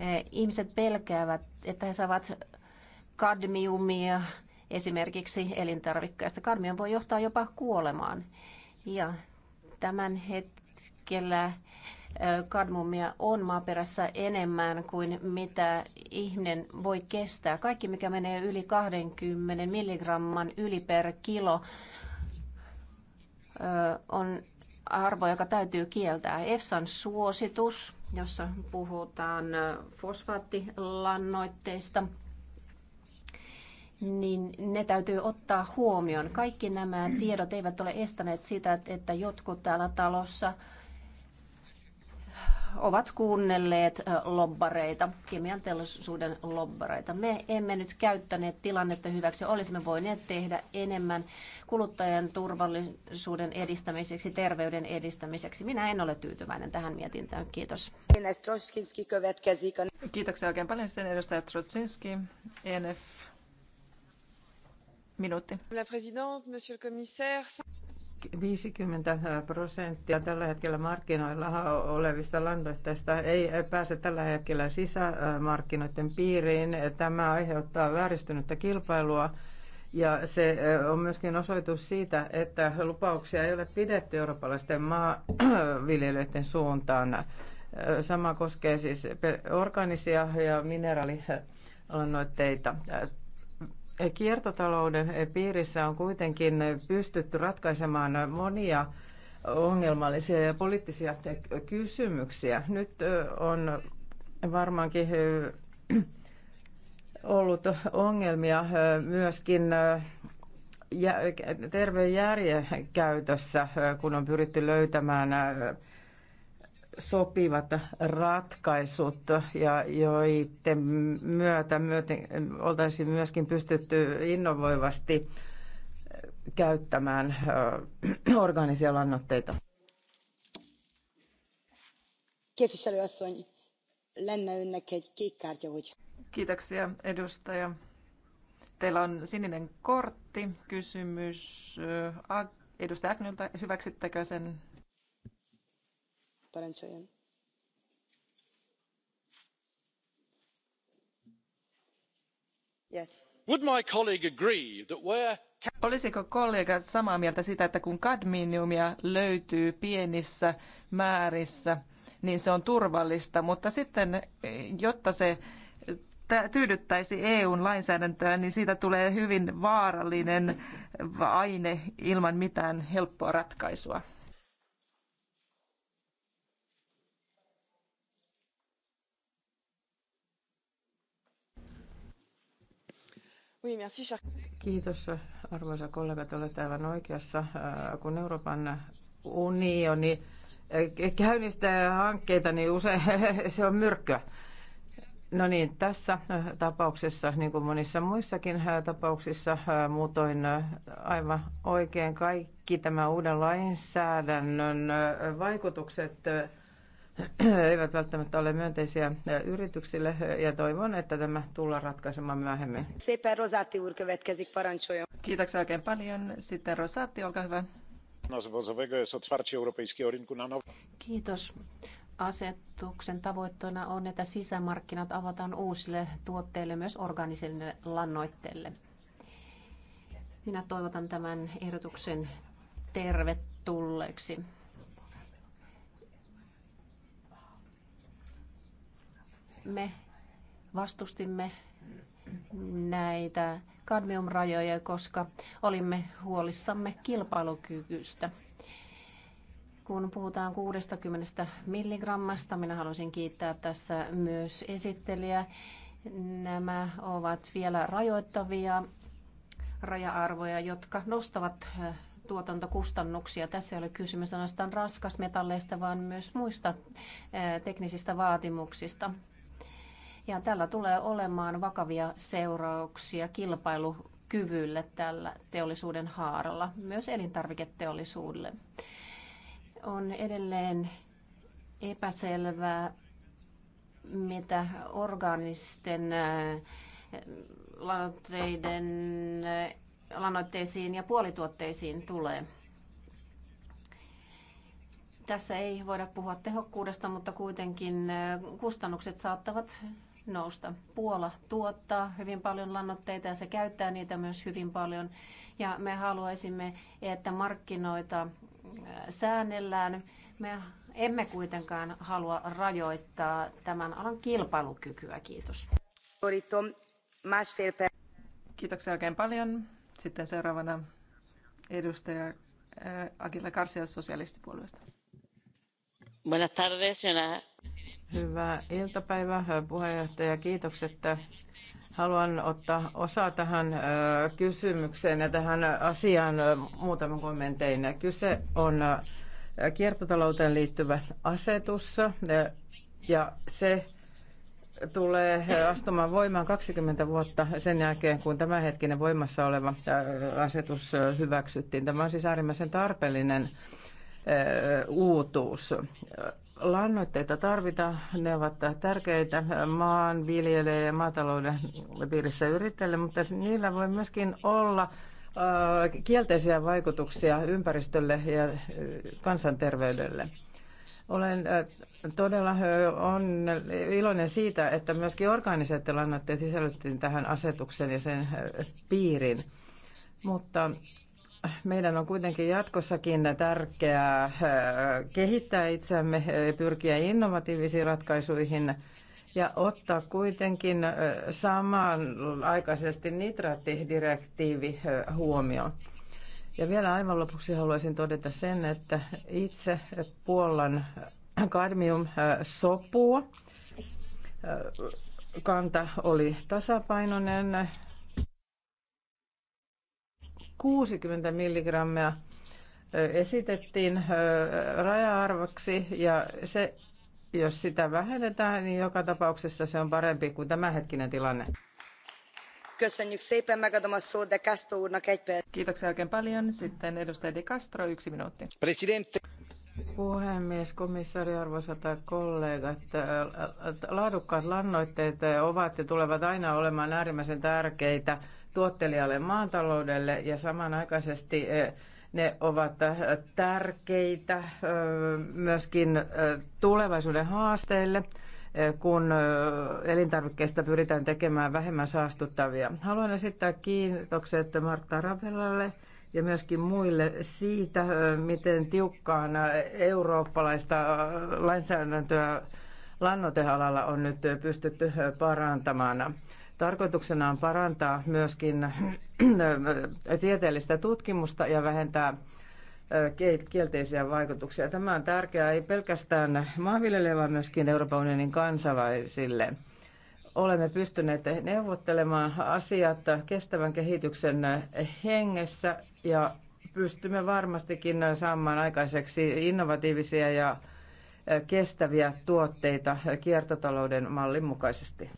Speaker 6: eh, ihmiset pelkäävät, että he saavat kadmiumia esimerkiksi elintarvikkeista. Kadmium voi johtaa jopa kuolemaan. Ja tämän hetkellä kadmumia on maaperässä enemmän kuin mitä ihminen voi kestää. Kaikki, mikä menee yli 20 milligramman yli per kilo, on arvo, joka täytyy kieltää. EFSAn suositus, jossa puhutaan fosfaattilannoitteista, niin ne täytyy ottaa huomioon. Kaikki nämä tiedot eivät ole estäneet sitä, että jotkut täällä talossa – ovat kuunnelleet lobbareita, kemian teollisuuden lobbareita. Me emme nyt käyttäneet tilannetta hyväksi. Olisimme voineet tehdä enemmän kuluttajan turvallisuuden edistämiseksi, terveyden edistämiseksi. Minä en ole tyytyväinen tähän mietintään. Kiitos.
Speaker 7: Kiitoksia oikein paljon sitten edustaja Trotsinski, ENF.
Speaker 4: Minuutti. 50 prosenttia tällä hetkellä markkinoilla olevista lannoitteista ei pääse tällä hetkellä sisämarkkinoiden piiriin. Tämä aiheuttaa vääristynyttä kilpailua ja se on myöskin osoitus siitä, että lupauksia ei ole pidetty eurooppalaisten maanviljelijöiden suuntaan. Sama koskee siis organisia ja mineraalilannoitteita. Kiertotalouden piirissä on kuitenkin pystytty ratkaisemaan monia ongelmallisia ja poliittisia kysymyksiä. Nyt on varmaankin ollut ongelmia myöskin terveen järjen käytössä, kun on pyritty löytämään sopivat ratkaisut ja joiden myötä, myöten oltaisiin myöskin pystytty innovoivasti käyttämään organisia lannoitteita.
Speaker 7: Kiitoksia edustaja. Teillä on sininen kortti. Kysymys edustaja Agnilta. Hyväksyttekö sen?
Speaker 1: parančujem. Yes.
Speaker 7: Would my colleague agree that where... Olisiko kollega samaa mieltä sitä, että kun kadmiumia löytyy pienissä määrissä, niin se on turvallista, mutta sitten jotta se tyydyttäisi EUn lainsäädäntöä, niin siitä tulee hyvin vaarallinen aine ilman mitään helppoa ratkaisua.
Speaker 4: Kiitos arvoisa te olette aivan oikeassa. Äh, kun Euroopan unioni äh, käynnistää hankkeita, niin usein *laughs* se on myrkkyä. No niin, tässä äh, tapauksessa, niin kuin monissa muissakin tapauksissa, muutoin aivan oikein kaikki tämä uuden lainsäädännön vaikutukset *clears throat* eivät välttämättä ole myönteisiä yrityksille ja toivon, että tämä tullaan ratkaisemaan myöhemmin.
Speaker 7: Sepä Rosati urkövetkäsik parancsoja. Kiitoksia oikein paljon. Sitten Rosati, olkaa hyvä. Kiitos. Asetuksen
Speaker 6: tavoitteena on, että sisämarkkinat avataan uusille tuotteille myös organisille lannoitteille. Minä toivotan tämän ehdotuksen tervetulleeksi. me vastustimme näitä kadmiumrajoja, koska olimme huolissamme kilpailukykyistä. Kun puhutaan 60 milligrammasta, minä haluaisin kiittää tässä myös esittelijä. Nämä ovat vielä rajoittavia raja-arvoja, jotka nostavat tuotantokustannuksia. Tässä ei ole kysymys ainoastaan raskasmetalleista, vaan myös muista teknisistä vaatimuksista. Ja tällä tulee olemaan vakavia seurauksia kilpailukyvylle tällä teollisuuden haaralla, myös elintarviketeollisuudelle. On edelleen epäselvää, mitä orgaanisten äh, lannoitteiden, äh, lannoitteisiin ja puolituotteisiin tulee. Tässä ei voida puhua tehokkuudesta, mutta kuitenkin äh, kustannukset saattavat nousta. Puola tuottaa hyvin paljon lannoitteita ja se käyttää niitä myös hyvin paljon. Ja me haluaisimme, että markkinoita äh, säännellään. Me emme kuitenkaan halua rajoittaa
Speaker 7: tämän alan kilpailukykyä. Kiitos. Kiitoksia oikein paljon. Sitten seuraavana edustaja äh,
Speaker 4: Agila Karsia sosialistipuolueesta. Buenas tardes, señora Hyvää iltapäivää, puheenjohtaja. Kiitokset. Haluan ottaa osaa tähän kysymykseen ja tähän asiaan muutaman kommentein. Kyse on kiertotalouteen liittyvä asetus ja se tulee astumaan voimaan 20 vuotta sen jälkeen, kun tämänhetkinen voimassa oleva asetus hyväksyttiin. Tämä on siis äärimmäisen tarpeellinen uutuus. Lannoitteita tarvitaan, ne ovat tärkeitä maanviljelijöille ja maatalouden piirissä yrittäjille, mutta niillä voi myöskin olla äh, kielteisiä vaikutuksia ympäristölle ja äh, kansanterveydelle. Olen äh, todella on iloinen siitä, että myöskin orgaaniset lannoitteet sisällyttiin tähän asetukseen ja sen piiriin. Mutta meidän on kuitenkin jatkossakin tärkeää äh, kehittää itseämme, äh, pyrkiä innovatiivisiin ratkaisuihin ja ottaa kuitenkin äh, samanaikaisesti nitraattidirektiivi huomioon. Ja vielä aivan lopuksi haluaisin todeta sen, että itse Puolan kadmium-sopua kanta oli tasapainoinen 60 milligrammia esitettiin raja-arvoksi ja se, jos sitä vähennetään, niin joka tapauksessa se on parempi kuin tämänhetkinen tilanne.
Speaker 7: Kiitoksia oikein paljon. Sitten edustaja De Castro, yksi minuutti. Presidente.
Speaker 4: Puhemies, komissaari, arvoisat kollegat, laadukkaat lannoitteet ovat ja tulevat aina olemaan äärimmäisen tärkeitä tuottelijalle maantaloudelle ja samanaikaisesti eh, ne ovat eh, tärkeitä eh, myöskin tulevaisuuden haasteille, kun elintarvikkeista pyritään tekemään vähemmän saastuttavia. Haluan esittää kiitokset Martta Ravelalle ja myöskin muille siitä, miten tiukkaan eurooppalaista lainsäädäntöä lannoitealalla on nyt pystytty parantamaan. Tarkoituksena on parantaa myöskin äh, tieteellistä tutkimusta ja vähentää äh, kielteisiä vaikutuksia. Tämä on tärkeää ei pelkästään maanviljelijöille, vaan myöskin Euroopan unionin kansalaisille. Olemme pystyneet neuvottelemaan asiat kestävän kehityksen hengessä ja pystymme varmastikin saamaan aikaiseksi innovatiivisia ja äh, kestäviä tuotteita kiertotalouden mallin mukaisesti.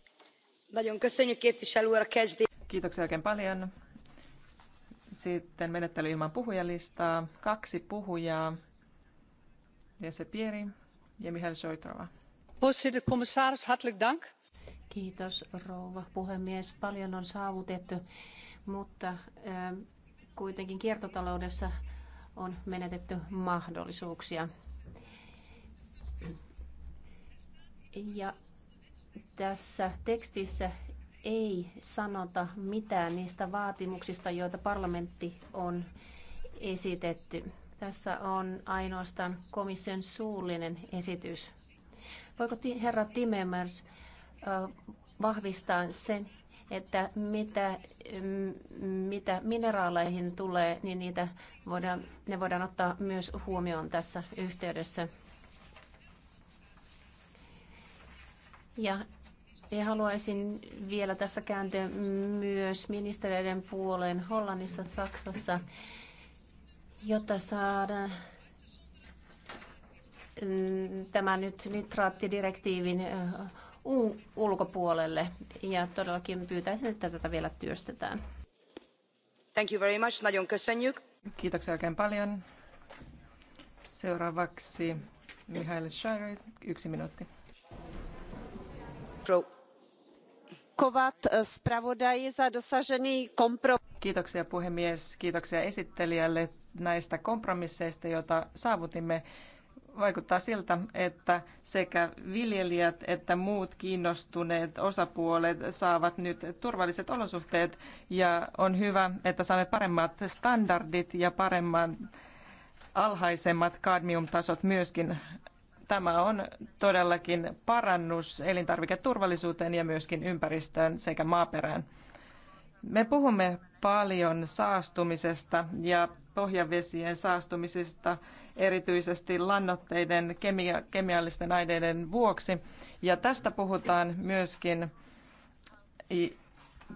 Speaker 7: Kiitoksia oikein paljon. Sitten menettely ilman puhujalistaa. Kaksi puhujaa. Jesse Pieri ja Mihail Soitrova.
Speaker 6: hartelijk dank. Kiitos rouva puhemies. Paljon on saavutettu, mutta ähm, kuitenkin kiertotaloudessa on menetetty mahdollisuuksia. Ja tässä tekstissä ei sanota mitään niistä vaatimuksista, joita parlamentti on esitetty. Tässä on ainoastaan komission suullinen esitys. Voiko herra Timmermans vahvistaa sen, että mitä, mitä mineraaleihin tulee, niin niitä voidaan, ne voidaan ottaa myös huomioon tässä yhteydessä. Ja, ja haluaisin vielä tässä kääntyä myös ministereiden puoleen Hollannissa, Saksassa, jotta saadaan mm, tämä nyt nitraattidirektiivin ulkopuolelle. Ja todellakin pyytäisin, että tätä vielä työstetään.
Speaker 4: Thank you very much.
Speaker 7: Kiitoksia oikein paljon. Seuraavaksi Mihail Shire, yksi minuutti poděkovat eh, zpravodaji za dosažený kompromis. Kiitoksia puhemies, kiitoksia esittelijälle näistä kompromisseista, joita saavutimme. Vaikuttaa siltä, että sekä viljelijät että muut kiinnostuneet osapuolet saavat nyt turvalliset olosuhteet ja on hyvä, että saamme paremmat standardit ja paremman alhaisemmat kadmiumtasot myöskin Tämä on todellakin parannus elintarviketurvallisuuteen ja myöskin ympäristöön sekä maaperään. Me puhumme paljon saastumisesta ja pohjavesien saastumisesta erityisesti lannoitteiden kemia- kemiallisten aineiden vuoksi. Ja tästä puhutaan myöskin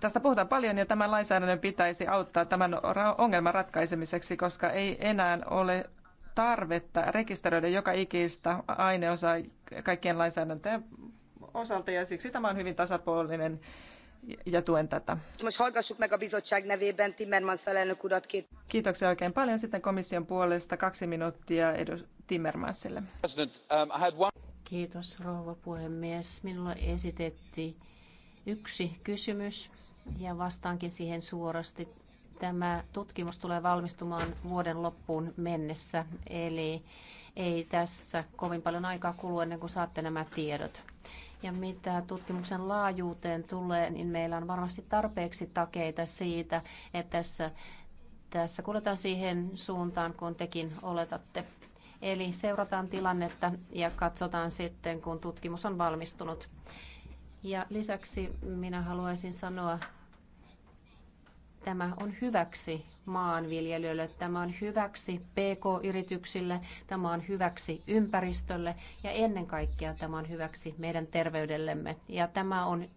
Speaker 7: Tästä puhutaan paljon ja tämän lainsäädännön pitäisi auttaa tämän ongelman ratkaisemiseksi, koska ei enää ole tarvetta rekisteröidä joka ikistä aineosaa kaikkien lainsäädäntöjen osalta ja siksi tämä on hyvin tasapuolinen ja tuen tätä. Kiitoksia oikein paljon sitten komission puolesta. Kaksi minuuttia edu Timmermansille. Um, Kiitos rouva puhemies.
Speaker 6: Minulla esitettiin yksi kysymys ja vastaankin siihen suorasti Tämä tutkimus tulee valmistumaan vuoden loppuun mennessä, eli ei tässä kovin paljon aikaa kulu ennen kuin saatte nämä tiedot. Ja mitä tutkimuksen laajuuteen tulee, niin meillä on varmasti tarpeeksi takeita siitä, että tässä, tässä kuljetaan siihen suuntaan, kun tekin oletatte. Eli seurataan tilannetta ja katsotaan sitten, kun tutkimus on valmistunut. Ja lisäksi minä haluaisin sanoa, Tämä on hyväksi maanviljelijöille, tämä on hyväksi PK-yrityksille, tämä on hyväksi ympäristölle ja ennen kaikkea tämä on hyväksi meidän terveydellemme. Ja tämä on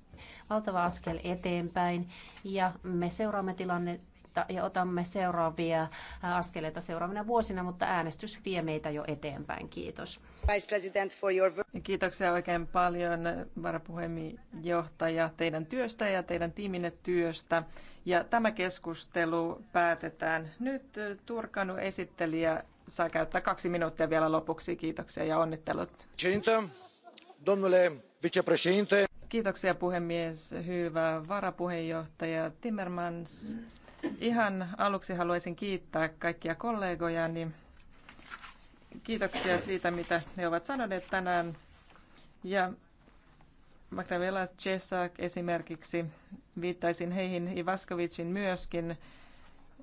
Speaker 6: valtava askel eteenpäin ja me seuraamme tilanne, tilannetta ja otamme seuraavia askeleita seuraavina vuosina, mutta äänestys
Speaker 7: vie meitä jo eteenpäin. Kiitos. Kiitoksia oikein paljon varapuheenjohtaja teidän työstä ja teidän tiiminne työstä. Ja tämä keskustelu päätetään. Nyt Turkanu esittelijä saa käyttää kaksi minuuttia vielä lopuksi. Kiitoksia ja onnittelut. Kiitoksia puhemies. Hyvä varapuheenjohtaja Timmermans. Ihan aluksi haluaisin kiittää kaikkia kollegoja niin Kiitoksia siitä, mitä ne ovat sanoneet tänään. Ja Magdalena Cesak esimerkiksi, viittaisin heihin Ivaskovicin myöskin,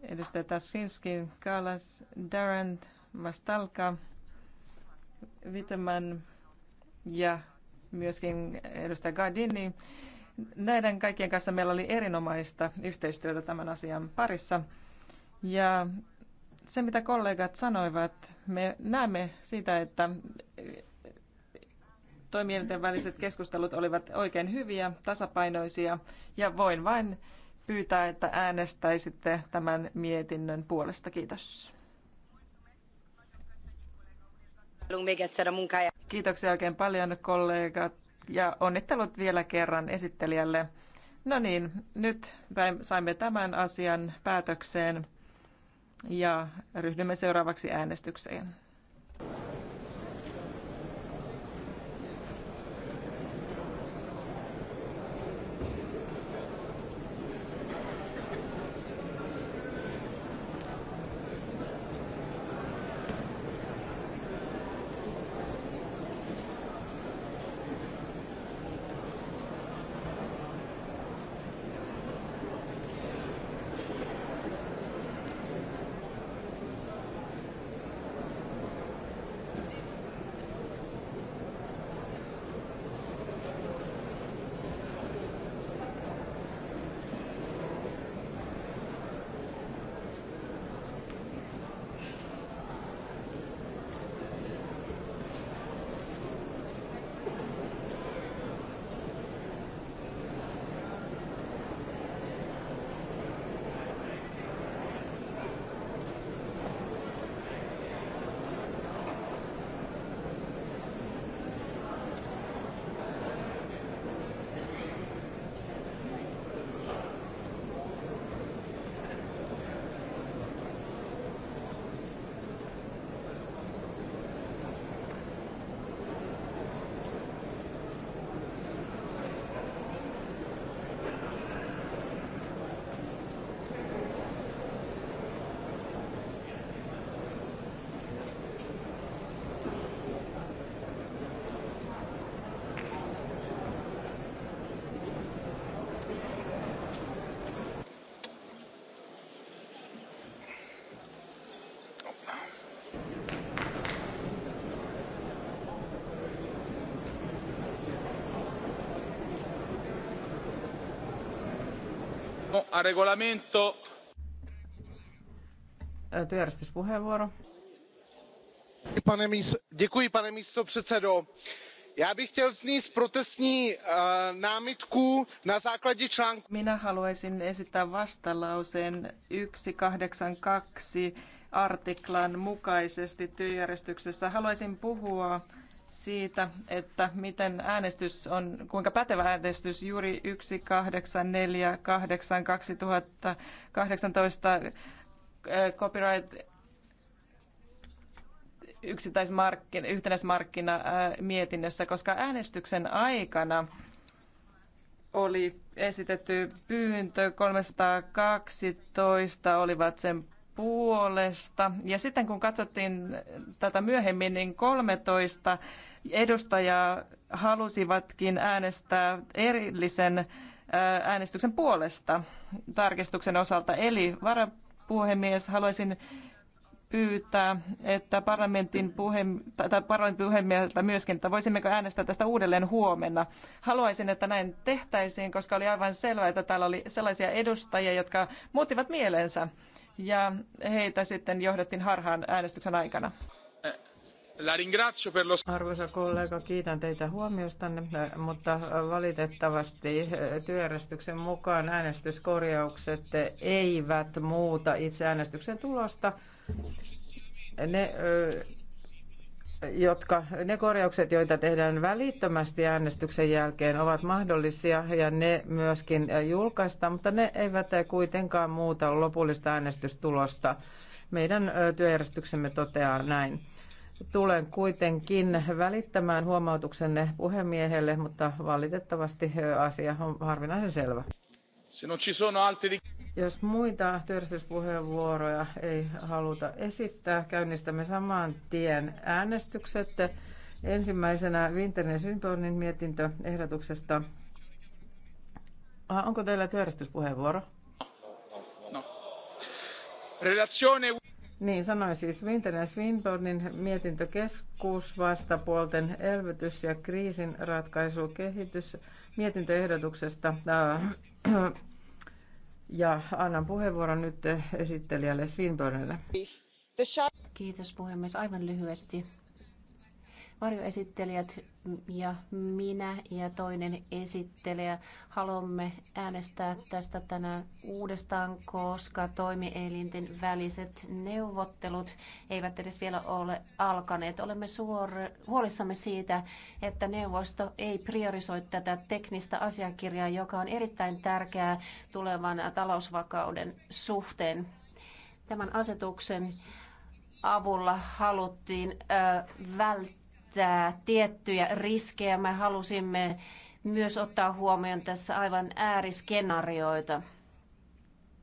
Speaker 7: edustaja Taskinski, Kalas, Darant, Mastalka, Vitaman ja myöskin edustaja Gardini. Näiden kaikkien kanssa meillä oli erinomaista yhteistyötä tämän asian parissa. Ja se, mitä kollegat sanoivat, me näemme siitä, että toimielinten väliset keskustelut olivat oikein hyviä, tasapainoisia ja voin vain pyytää, että äänestäisitte tämän mietinnön puolesta. Kiitos. Kiitoksia oikein paljon kollegat ja onnittelut vielä kerran esittelijälle. No niin, nyt saimme tämän asian päätökseen ja ryhdymme seuraavaksi äänestykseen.
Speaker 1: regolamento.
Speaker 7: Pane, místo, děkuji, pane místo předsedo. Já bych chtěl vznést protestní uh, námitku na základě článku. Minä haluaisin esittää vastalauseen 182 artiklan mukaisesti työjärjestyksessä. Haluaisin puhua siitä, että miten äänestys on, kuinka pätevä äänestys juuri 8, 2018 eh, copyright yksittäismarkkina, yhtenäismarkkina eh, mietinnössä, koska äänestyksen aikana oli esitetty pyyntö 312 olivat sen puolesta. Ja sitten kun katsottiin tätä myöhemmin, niin 13 edustajaa halusivatkin äänestää erillisen äänestyksen puolesta tarkistuksen osalta. Eli varapuhemies, haluaisin pyytää, että parlamentin, puhe, tai parlamentin puhemieheltä myöskin, että voisimmeko äänestää tästä uudelleen huomenna. Haluaisin, että näin tehtäisiin, koska oli aivan selvää, että täällä oli sellaisia edustajia, jotka muuttivat mielensä ja heitä sitten johdettiin harhaan äänestyksen aikana.
Speaker 4: Arvoisa kollega, kiitän teitä huomiostanne, mutta valitettavasti eh, työjärjestyksen mukaan äänestyskorjaukset eivät muuta itse äänestyksen tulosta. Ne eh, jotka, ne korjaukset, joita tehdään välittömästi äänestyksen jälkeen, ovat mahdollisia ja ne myöskin julkaistaan, mutta ne eivät kuitenkaan muuta lopullista äänestystulosta. Meidän työjärjestyksemme toteaa näin. Tulen kuitenkin välittämään huomautuksenne puhemiehelle, mutta valitettavasti asia on harvinaisen selvä. Jos muita työllisyyspuheenvuoroja ei haluta esittää, käynnistämme saman tien äänestykset. Ensimmäisenä Winternen Syntornin mietintö ehdotuksesta. Ah, onko teillä työjärjestyspuheenvuoro? No. Relazione... Niin, sanoin siis Winter Swinburnin mietintö keskus vastapuolten elvytys ja kriisinratkaisukehitys mietintöehdotuksesta. Ah, ja annan puheenvuoron nyt esittelijälle Swinburnelle.
Speaker 6: Kiitos puhemies. Aivan lyhyesti varjoesittelijät ja minä ja toinen esittelijä haluamme äänestää tästä tänään uudestaan, koska toimielinten väliset neuvottelut eivät edes vielä ole alkaneet. Olemme suor- huolissamme siitä, että neuvosto ei priorisoi tätä teknistä asiakirjaa, joka on erittäin tärkeää tulevan talousvakauden suhteen. Tämän asetuksen avulla haluttiin välttää välttää tiettyjä riskejä. Me halusimme myös ottaa huomioon tässä aivan ääriskenaarioita.